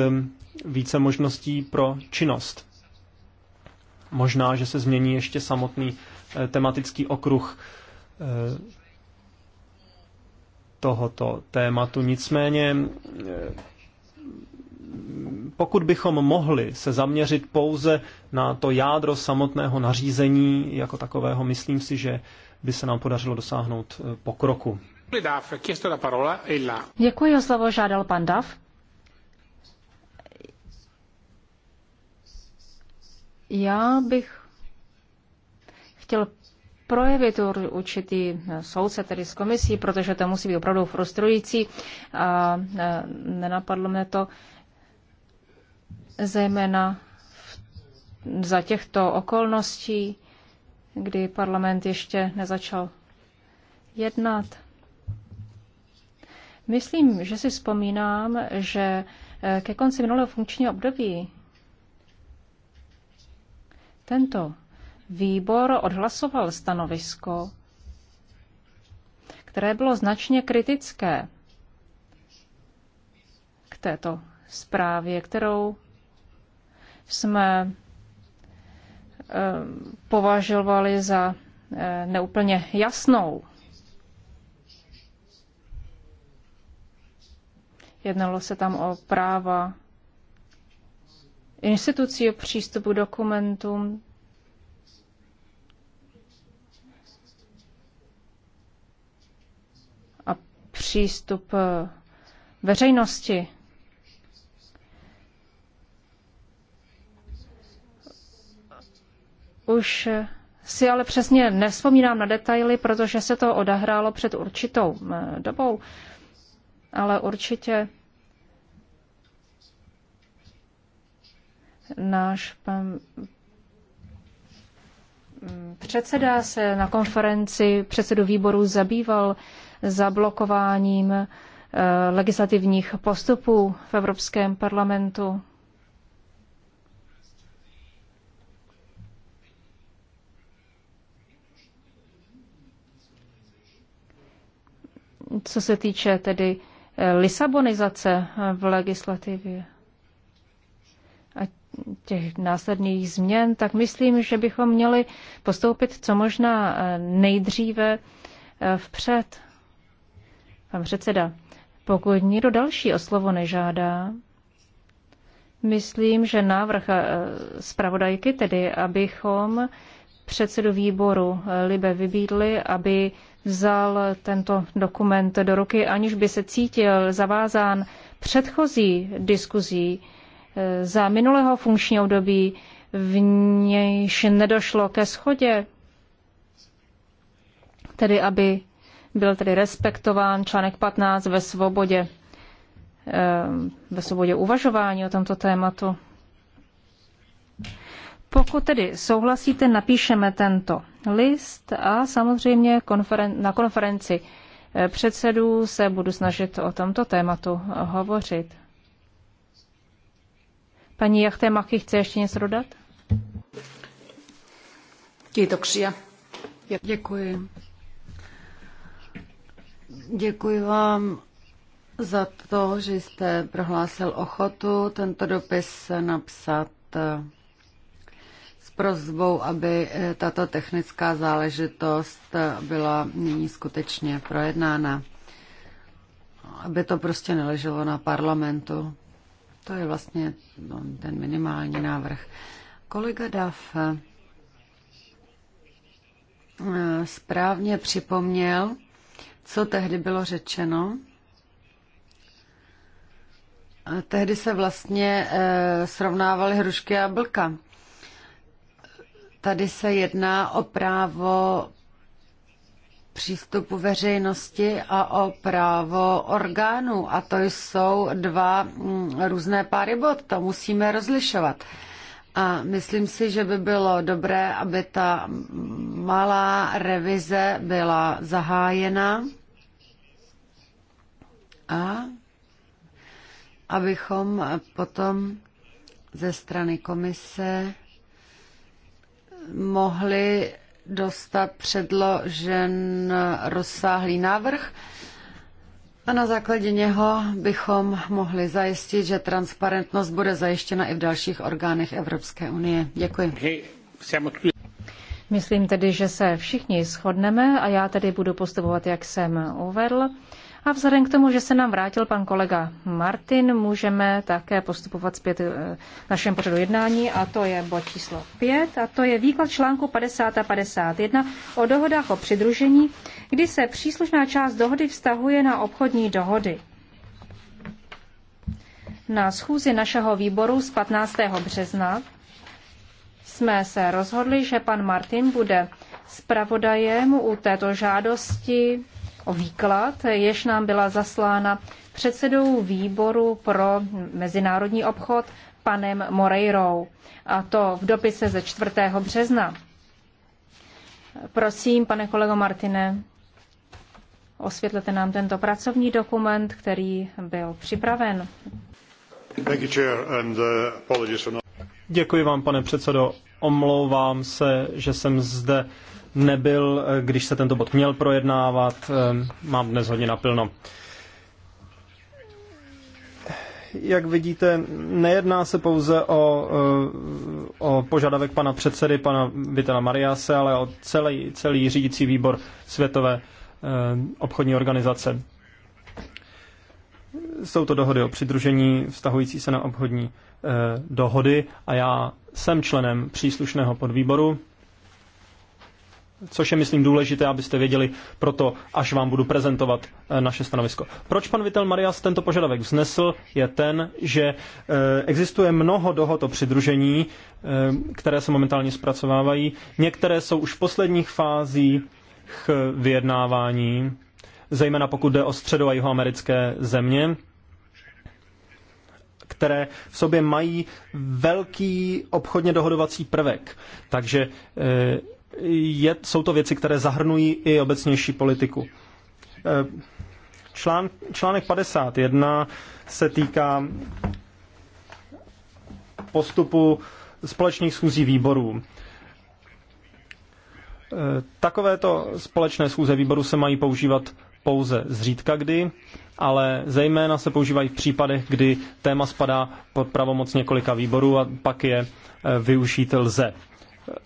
více možností pro činnost. Možná, že se změní ještě samotný eh, tematický okruh eh, tohoto tématu. Nicméně, eh, pokud bychom mohli se zaměřit pouze na to jádro samotného nařízení jako takového, myslím si, že by se nám podařilo dosáhnout pokroku. E Děkuji, o slovo žádal pan Dav. Já bych chtěl projevit určitý soudce tedy s komisí, protože to musí být opravdu frustrující a nenapadlo mě to zejména za těchto okolností, kdy parlament ještě nezačal jednat. Myslím, že si vzpomínám, že eh, ke konci minulého funkčního období tento výbor odhlasoval stanovisko, které bylo značně kritické k této zprávě, kterou jsme eh, považovali za eh, neúplně jasnou. Jednalo se tam o práva institucí o přístupu dokumentům. a přístup eh, veřejnosti. Už eh, si ale přesně nespomínám na detaily, protože se to odehrálo před určitou eh, dobou, ale určitě Náš pan předseda se na konferenci předsedu výboru zabýval zablokováním eh, legislativních postupů v Evropském parlamentu. Co se týče tedy eh, lisabonizace v legislativě. A těch následných změn, tak myslím, že bychom měli postoupit co možná eh, nejdříve eh, vpřed. Pan předseda, pokud někdo další o slovo nežádá, myslím, že návrh eh, zpravodajky, tedy abychom předsedu výboru Libe vybídli, aby vzal tento dokument do ruky, aniž by se cítil zavázán předchozí diskuzí Eh, za minulého funkčního období, v nějž nedošlo ke schodě, tedy aby byl tedy respektován článek 15 ve svobodě, eh, ve svobodě uvažování o tomto tématu. Pokud tedy souhlasíte, napíšeme tento list a samozřejmě konferen- na konferenci eh, předsedů se budu snažit o tomto tématu hovořit. Paní Jachtémaky chce ještě něco dodat? Kiitoksia. Děkuji. Děkuji vám za to, že jste prohlásil ochotu tento dopis napsat eh, s prozbou, aby eh, tato technická záležitost eh, byla nyní skutečně projednána. Aby to prostě neleželo na parlamentu. To je vlastně ten minimální návrh. Kolega Daf eh, správně připomněl, co tehdy bylo řečeno. Tehdy se vlastně eh, srovnávaly hrušky a blka. Tady se jedná o právo přístupu veřejnosti a o právo orgánů. A to jsou dva mm, různé páry bod, to musíme rozlišovat. A myslím si, že by bylo dobré, aby ta malá revize byla zahájena a abychom potom ze strany komise mohli dostat předložen rozsáhlý návrh a na základě něho bychom mohli zajistit, že transparentnost bude zajištěna i v dalších orgánech Evropské unie. Děkuji. Myslím tedy, že se všichni shodneme a já tedy budu postupovat, jak jsem uvedl. A vzhledem k tomu, že se nám vrátil pan kolega Martin, můžeme také postupovat zpět eh, našem pořadu jednání a to je bod číslo 5 a to je výklad článku 50 a 51 o dohodách o přidružení, kdy se příslušná část dohody vztahuje na obchodní dohody. Na schůzi našeho výboru z 15. března jsme se rozhodli, že pan Martin bude zpravodajem u této žádosti o výklad, jež nám byla zaslána předsedou výboru pro mezinárodní obchod panem Moreirou, a to v dopise ze 4. března. Prosím, pane kolego Martine, osvětlete nám tento pracovní dokument, který byl připraven. Uh, Děkuji vám, pane předsedo. Omlouvám se, že jsem zde nebyl, eh, když se tento bod měl projednávat. Eh, mám dnes hodně naplno. Jak vidíte, nejedná se pouze o, eh, o požadavek pana předsedy, pana Vitela Mariase, ale o celý, celý řídící výbor Světové obchodní organizace. Jsou to dohody o přidružení vztahující se na obchodní dohody a já jsem členem příslušného podvýboru což je, myslím, důležité, abyste věděli proto, až vám budu prezentovat eh, naše stanovisko. Proč pan Vitel Marias tento požadavek vznesl, je ten, že eh, existuje mnoho dohod o přidružení, eh, které se momentálně zpracovávají. Některé jsou už v posledních fázích vyjednávání, zejména pokud jde o středo- a jihoamerické země, které v sobě mají velký obchodně dohodovací prvek. Takže je, jsou to věci, které zahrnují i obecnější politiku. Člán, článek 51 se týká postupu společných schůzí výborů. Takovéto společné schůze výboru se mají používat pouze zřídka kdy, ale zejména se používají v případech, kdy téma spadá pod pravomoc několika výborů a pak je eh, využít lze.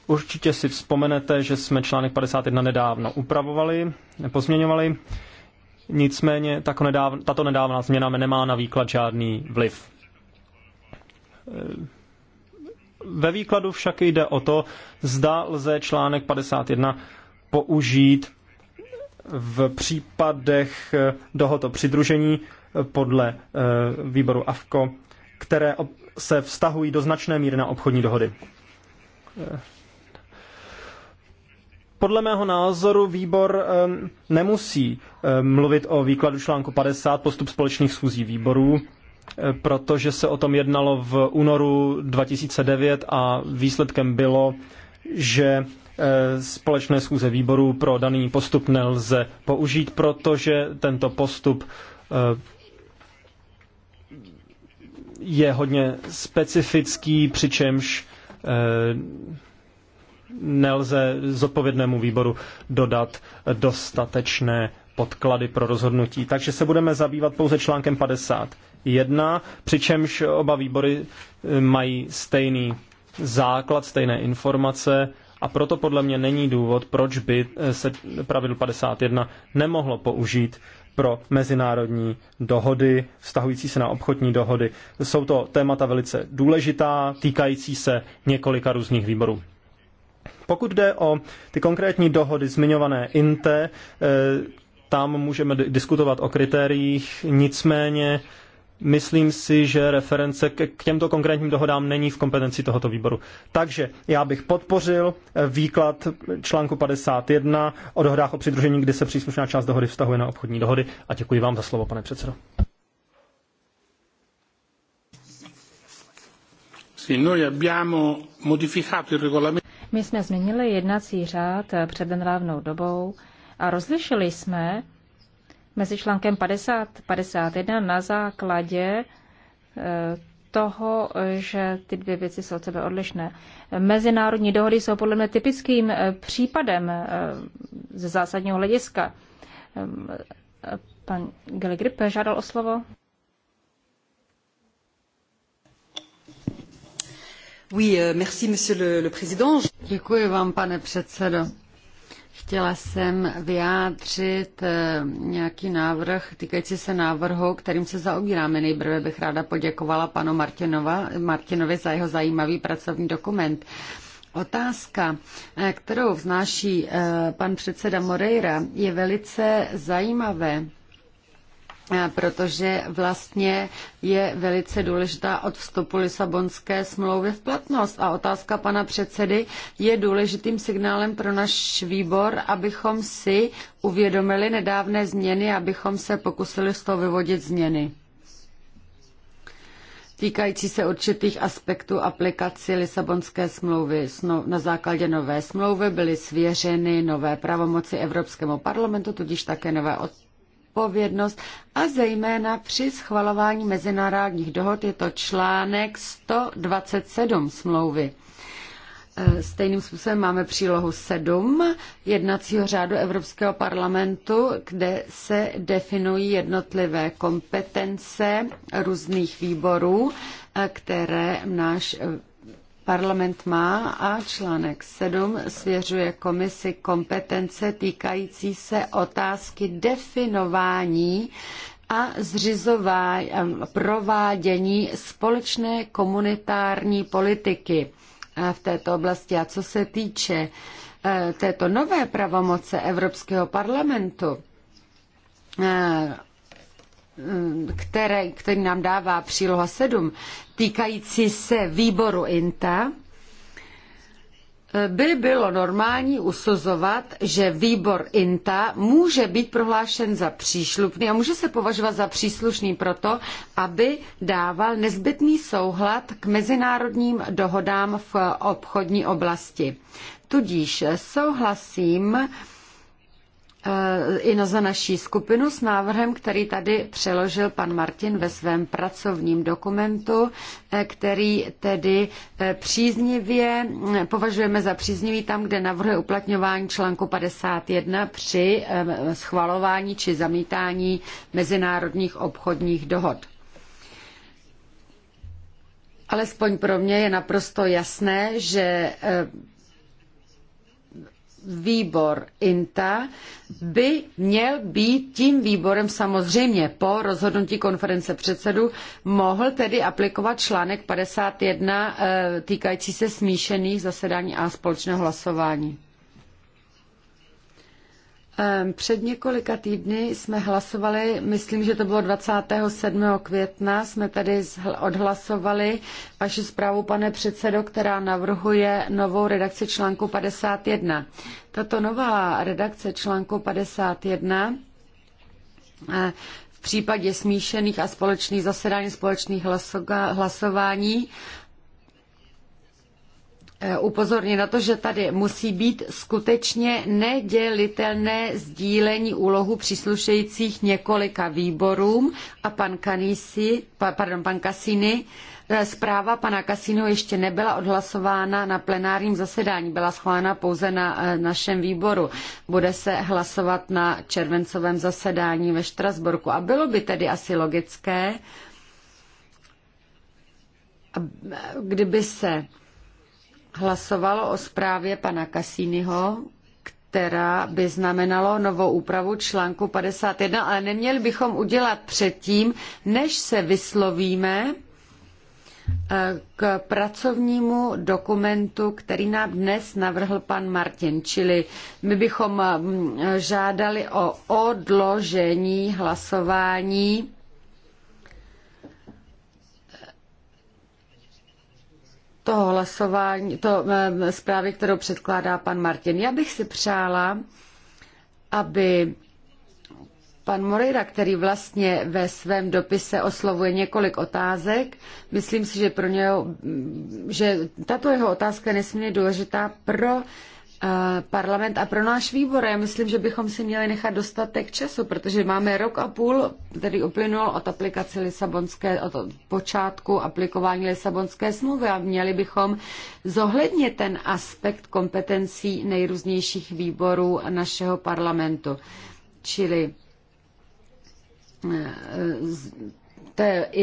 Určitě si vzpomenete, že jsme článek 51 nedávno upravovali, pozměňovali, nicméně tato tato nedávná změna nemá na výklad žádný vliv. Ve výkladu však jde o to, zda lze článek 51 použít v případech eh, dohod přidružení eh, podle eh, výboru AFKO, které se vztahují do značné míry na obchodní dohody podle mého názoru výbor nemusí mluvit o výkladu článku 50 postup společných schůzí výborů, protože se o tom jednalo v únoru 2009 a výsledkem bylo, že společné schůze výborů pro daný postup nelze použít, protože tento postup je hodně specifický, přičemž Eh, nelze zodpovědnému výboru dodat dostatečné podklady pro rozhodnutí. Takže se budeme zabývat pouze článkem 51, přičemž oba výbory eh, mají stejný základ, stejné informace a proto podle mě není důvod, proč by eh, se pravidlo 51 nemohlo použít pro mezinárodní dohody, vztahující se na obchodní dohody. Jsou to témata velice důležitá, týkající se několika různých výborů. Pokud jde o ty konkrétní dohody zmiňované INTE, eh, tam můžeme diskutovat o kritériích, nicméně Myslím si, že reference k těmto konkrétním dohodám není v kompetenci tohoto výboru. Takže já bych podpořil eh, výklad článku 51 o dohodách o přidružení, kdy se příslušná část dohody vztahuje na obchodní dohody. A děkuji vám za slovo, pane předsedo. My jsme změnili jednací řád eh, před nedávnou dobou a rozlišili jsme mezi článkem 50-51 na základě eh, toho, že ty dvě věci jsou od sebe odlišné. Mezinárodní dohody jsou podle mě typickým eh, případem eh, ze zásadního hlediska. Pan Geligrip žádal o slovo. Oui, euh, merci, monsieur le, le président. Děkuji vám, pane předsedo. Chtěla jsem vyjádřit eh, nějaký návrh týkající se návrhu, kterým se zaobíráme. Nejprve bych ráda poděkovala panu Martinova, Martinovi za jeho zajímavý pracovní dokument. Otázka, eh, kterou vznáší eh, pan předseda Moreira, je velice zajímavé protože vlastně je velice důležitá od vstupu Lisabonské smlouvy v platnost. A otázka pana předsedy je důležitým signálem pro náš výbor, abychom si uvědomili nedávné změny, abychom se pokusili z toho vyvodit změny týkající se určitých aspektů aplikaci Lisabonské smlouvy. Na základě nové smlouvy byly svěřeny nové pravomoci Evropskému parlamentu, tudíž také nové odpovědnost a zejména při schvalování mezinárodních dohod je to článek 127 smlouvy. E, stejným způsobem máme přílohu 7 jednacího řádu Evropského parlamentu, kde se definují jednotlivé kompetence různých výborů, e, které náš Parlament má a článek 7 svěřuje komisi kompetence týkající se otázky definování a zřizování provádění společné komunitární politiky eh, v této oblasti. A co se týče eh, této nové pravomoce Evropského parlamentu, eh, Eh, které, který nám dává příloha 7, týkající se výboru INTA, eh, by bylo normální usuzovat, že výbor INTA může být prohlášen za příšlupný a může se považovat za příslušný proto, aby dával nezbytný souhlad k mezinárodním dohodám v obchodní oblasti. Tudíž souhlasím Eh, i za naší skupinu s návrhem, který tady přeložil pan Martin ve svém pracovním dokumentu, eh, který tedy eh, příznivě mm, považujeme za příznivý tam, kde navrhuje uplatňování článku 51 při schvalování či zamítání mezinárodních obchodních dohod. Alespoň pro mě je naprosto jasné, že výbor INTA by měl být tím výborem samozřejmě po rozhodnutí konference předsedů, mohl tedy aplikovat článek 51 eh, týkající se smíšených zasedání a společného hlasování. Ehm, před několika týdny jsme hlasovali, myslím, že to bylo 27. května, jsme tady odhlasovali vaši zprávu, pane předsedo, která navrhuje novou redakci článku 51. Tato nová redakce článku 51 eh, v případě smíšených a společných zasedání společných hlasování Eh, upozornit na to, že tady musí být skutečně nedělitelné sdílení úlohu příslušejících několika výborům a pan, Kanisi, pardon, pan kasiny, eh, Zpráva pana Kasínu ještě nebyla odhlasována na plenárním zasedání, byla schválena pouze na eh, našem výboru. Bude se hlasovat na červencovém zasedání ve Štrasburku. A bylo by tedy asi logické, kdyby se hlasovalo o zprávě pana Cassiniho, která by znamenalo novou úpravu článku 51, ale neměli bychom udělat předtím, než se vyslovíme eh, k pracovnímu dokumentu, který nám dnes navrhl pan Martin, čili my bychom mm, žádali o odložení hlasování toho hlasování, to eh, zprávy, kterou předkládá pan Martin. Já bych si přála, aby pan Moreira, který vlastně ve svém dopise oslovuje několik otázek, myslím si, že pro něho, mm, že tato jeho otázka je nesmírně důležitá pro Eh, parlament a pro náš výbor. Já myslím, že bychom si měli nechat dostatek času, protože máme rok a půl, který uplynul od aplikace Lisabonské, od počátku aplikování Lisabonské smlouvy a měli bychom zohlednit ten aspekt kompetencí nejrůznějších výborů našeho parlamentu. Čili eh, to je, i,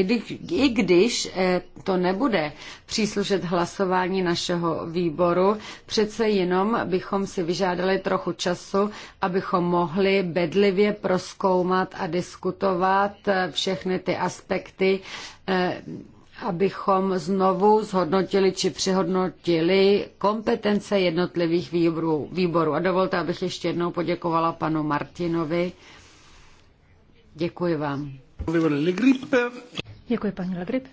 i když eh, to nebude příslušet hlasování našeho výboru, přece jenom bychom si vyžádali trochu času, abychom mohli bedlivě proskoumat a diskutovat eh, všechny ty aspekty, eh, abychom znovu zhodnotili či přehodnotili kompetence jednotlivých výborů. výborů. A dovolte, abych ještě jednou poděkovala panu Martinovi. Děkuji vám. Děkuji, paní Legrip.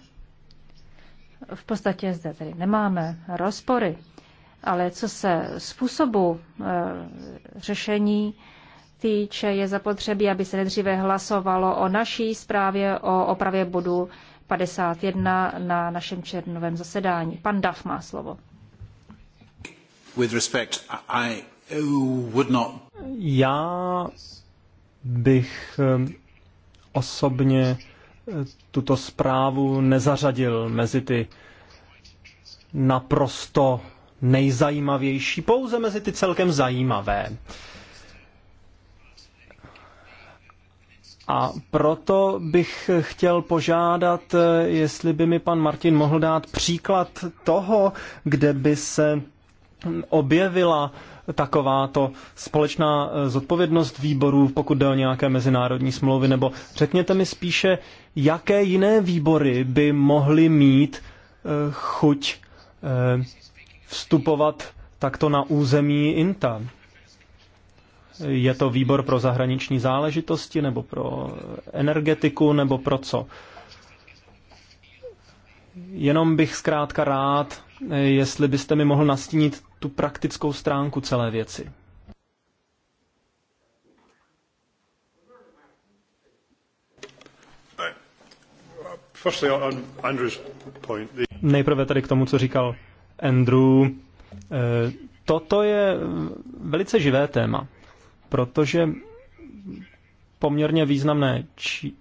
V podstatě zde tedy nemáme rozpory, ale co se způsobu e, řešení týče, je zapotřebí, aby se nejdříve hlasovalo o naší zprávě o opravě bodu 51 na našem černovém zasedání. Pan Daf má slovo. With respect, I would not... Já bych eh, osobně eh, tuto zprávu nezařadil mezi ty naprosto nejzajímavější, pouze mezi ty celkem zajímavé. A proto bych chtěl požádat, eh, jestli by mi pan Martin mohl dát příklad toho, kde by se objevila Taková to společná eh, zodpovědnost výborů, pokud jde o nějaké mezinárodní smlouvy, nebo řekněte mi spíše, jaké jiné výbory by mohly mít eh, chuť eh, vstupovat takto na území INTA? Je to výbor pro zahraniční záležitosti, nebo pro energetiku, nebo pro co? Jenom bych zkrátka rád jestli byste mi mohl nastínit tu praktickou stránku celé věci. Nejprve tady k tomu, co říkal Andrew. Eh, toto je velice živé téma, protože poměrně významné, či,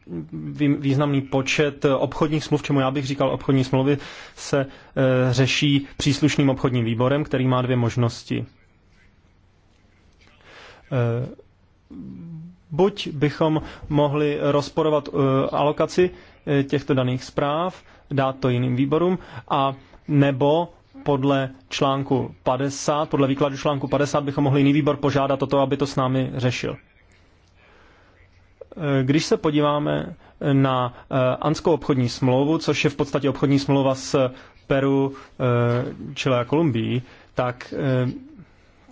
významný počet obchodních smluv, čemu já bych říkal obchodní smlouvy, se e, řeší příslušným obchodním výborem, který má dvě možnosti. E, buď bychom mohli rozporovat e, alokaci e, těchto daných zpráv, dát to jiným výborům, a nebo podle článku 50, podle výkladu článku 50 bychom mohli jiný výbor požádat o to, aby to s námi řešil. Eh, když se podíváme eh, na eh, anskou obchodní smlouvu, což je v podstatě obchodní smlouva s Peru, Chile a Kolumbií, tak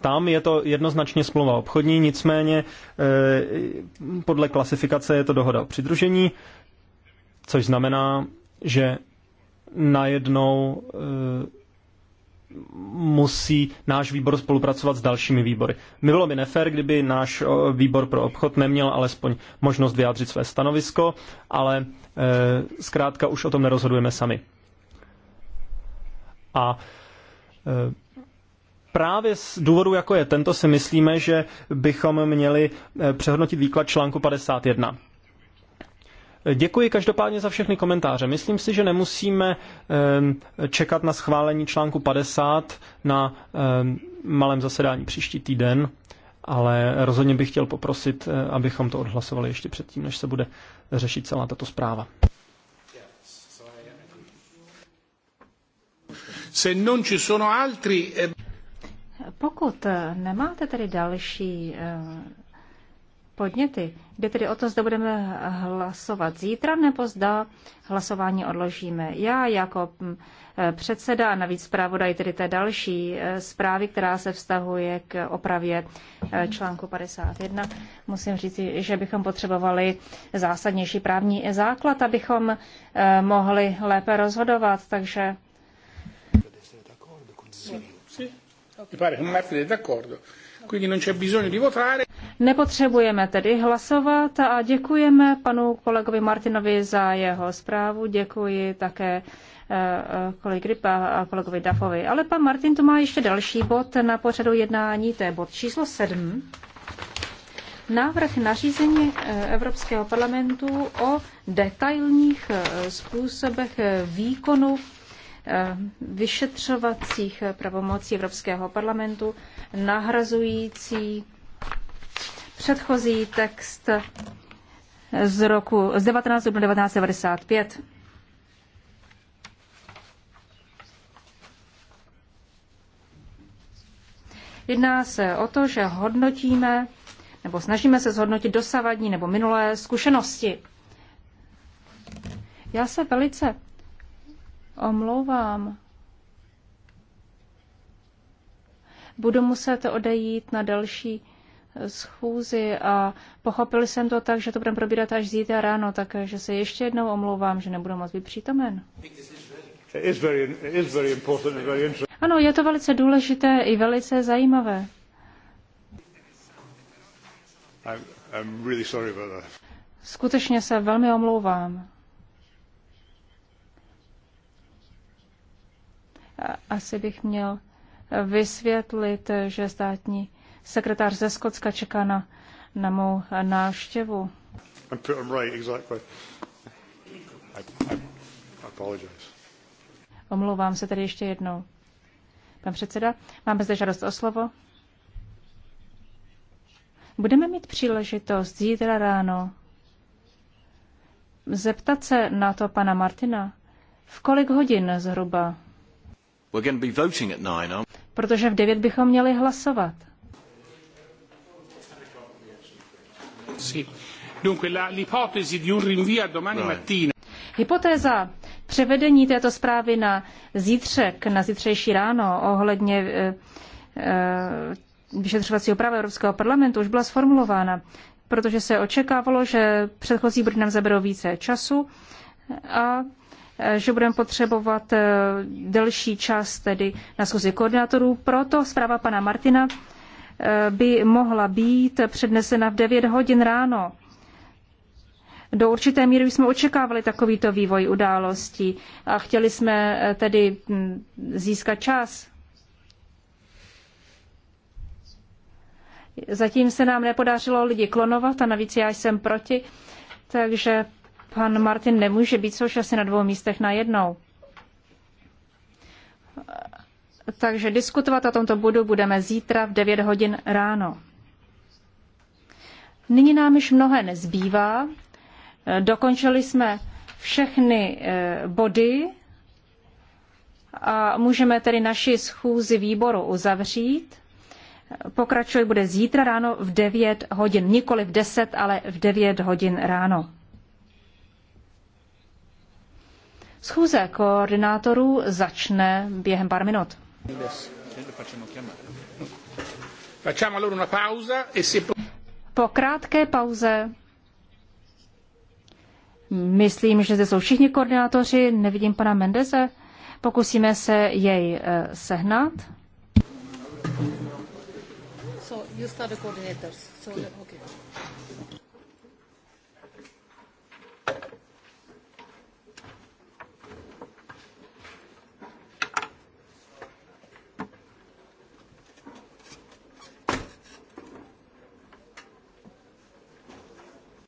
tam je to jednoznačně smlouva obchodní, nicméně podle klasifikace je to dohoda o přidružení, což znamená, že najednou musí náš výbor spolupracovat s dalšími výbory. My bylo by nefér, kdyby náš výbor pro obchod neměl alespoň možnost vyjádřit své stanovisko, ale e, zkrátka už o tom nerozhodujeme sami. A e, právě z důvodu, jako je tento, si myslíme, že bychom měli e, přehodnotit výklad článku 51. Děkuji každopádně za všechny komentáře. Myslím si, že nemusíme čekat na schválení článku 50 na malém zasedání příští týden, ale rozhodně bych chtěl poprosit, eh, abychom to odhlasovali ještě předtím, než se bude řešit celá tato zpráva. Se non ci sono altri... Eh, Pokud eh, nemáte tedy další podněty. Jde tedy o to, zda budeme hlasovat zítra nebo zda hlasování odložíme. Já jako mm, eh, předseda a navíc zpravodaj tedy té další eh, zprávy, která se vztahuje k opravě eh, článku 51, musím říct, že bychom potřebovali zásadnější právní základ, abychom mohli lépe rozhodovat, takže... Pare, non è d'accordo, quindi non c'è bisogno di votare. Nepotřebujeme tedy hlasovat a děkujeme panu kolegovi Martinovi za jeho zprávu. Děkuji také eh, eh, kolegy Gripa a kolegovi Dafovi. Ale pan Martin tu má ještě další bod na pořadu jednání, to je bod číslo 7. Návrh nařízení eh, Evropského parlamentu o detailních způsobech výkonu vyšetřovacích pravomocí Evropského parlamentu nahrazující Předchozí text z roku z 19. 1995. Jedná se o to, že hodnotíme nebo snažíme se zhodnotit dosavadní nebo minulé zkušenosti. Já se velice omlouvám. Budu muset odejít na další schůzi a pochopil jsem to tak, že to budeme probírat až zítra ráno, takže se ještě jednou omlouvám, že nebudu moc být přítomen. Ano, je to velice důležité i velice zajímavé. Skutečně se velmi omlouvám. Asi bych měl vysvětlit, že státní sekretář ze Skotska čeká na, na mou návštěvu. Omlouvám se tedy ještě jednou. Pan předseda, máme zde žádost o slovo. Budeme mít příležitost zítra ráno zeptat se na to pana Martina. V kolik hodin zhruba? Protože v devět bychom měli hlasovat. Sì. Dunque, la, l'ipotesi di un rinvio a domani right. mattina. Hypotéza převedení této zprávy na zítřek, na zítřejší ráno ohledně eh, eh vyšetřovacího práva Evropského parlamentu už byla sformulována, protože se očekávalo, že předchozí body nám zaberou více času a eh, že budeme potřebovat eh, delší čas tedy na schůzi koordinátorů. Proto zpráva pana Martina by mohla být přednesena v 9 hodin ráno. Do určité míry jsme očekávali takovýto vývoj událostí a chtěli jsme eh, tedy hm, získat čas. Zatím se nám nepodařilo lidi klonovat a navíc já jsem proti, takže pan Martin nemůže být současně na dvou místech najednou. Takže diskutovat o tomto bodu budeme zítra v 9 hodin ráno. Nyní nám již mnohé nezbývá. Dokončili jsme všechny eh, body a můžeme tedy naši schůzi výboru uzavřít. Pokračuje bude zítra ráno v 9 hodin, nikoli v 10, ale v 9 hodin ráno. Schůze koordinátorů začne během pár minut. E po krátké pauze Myslím, že zde jsou všichni koordinátoři, nevidím pana Mendeze. Pokusíme se jej eh, sehnat. So you start the coordinators. So, okay.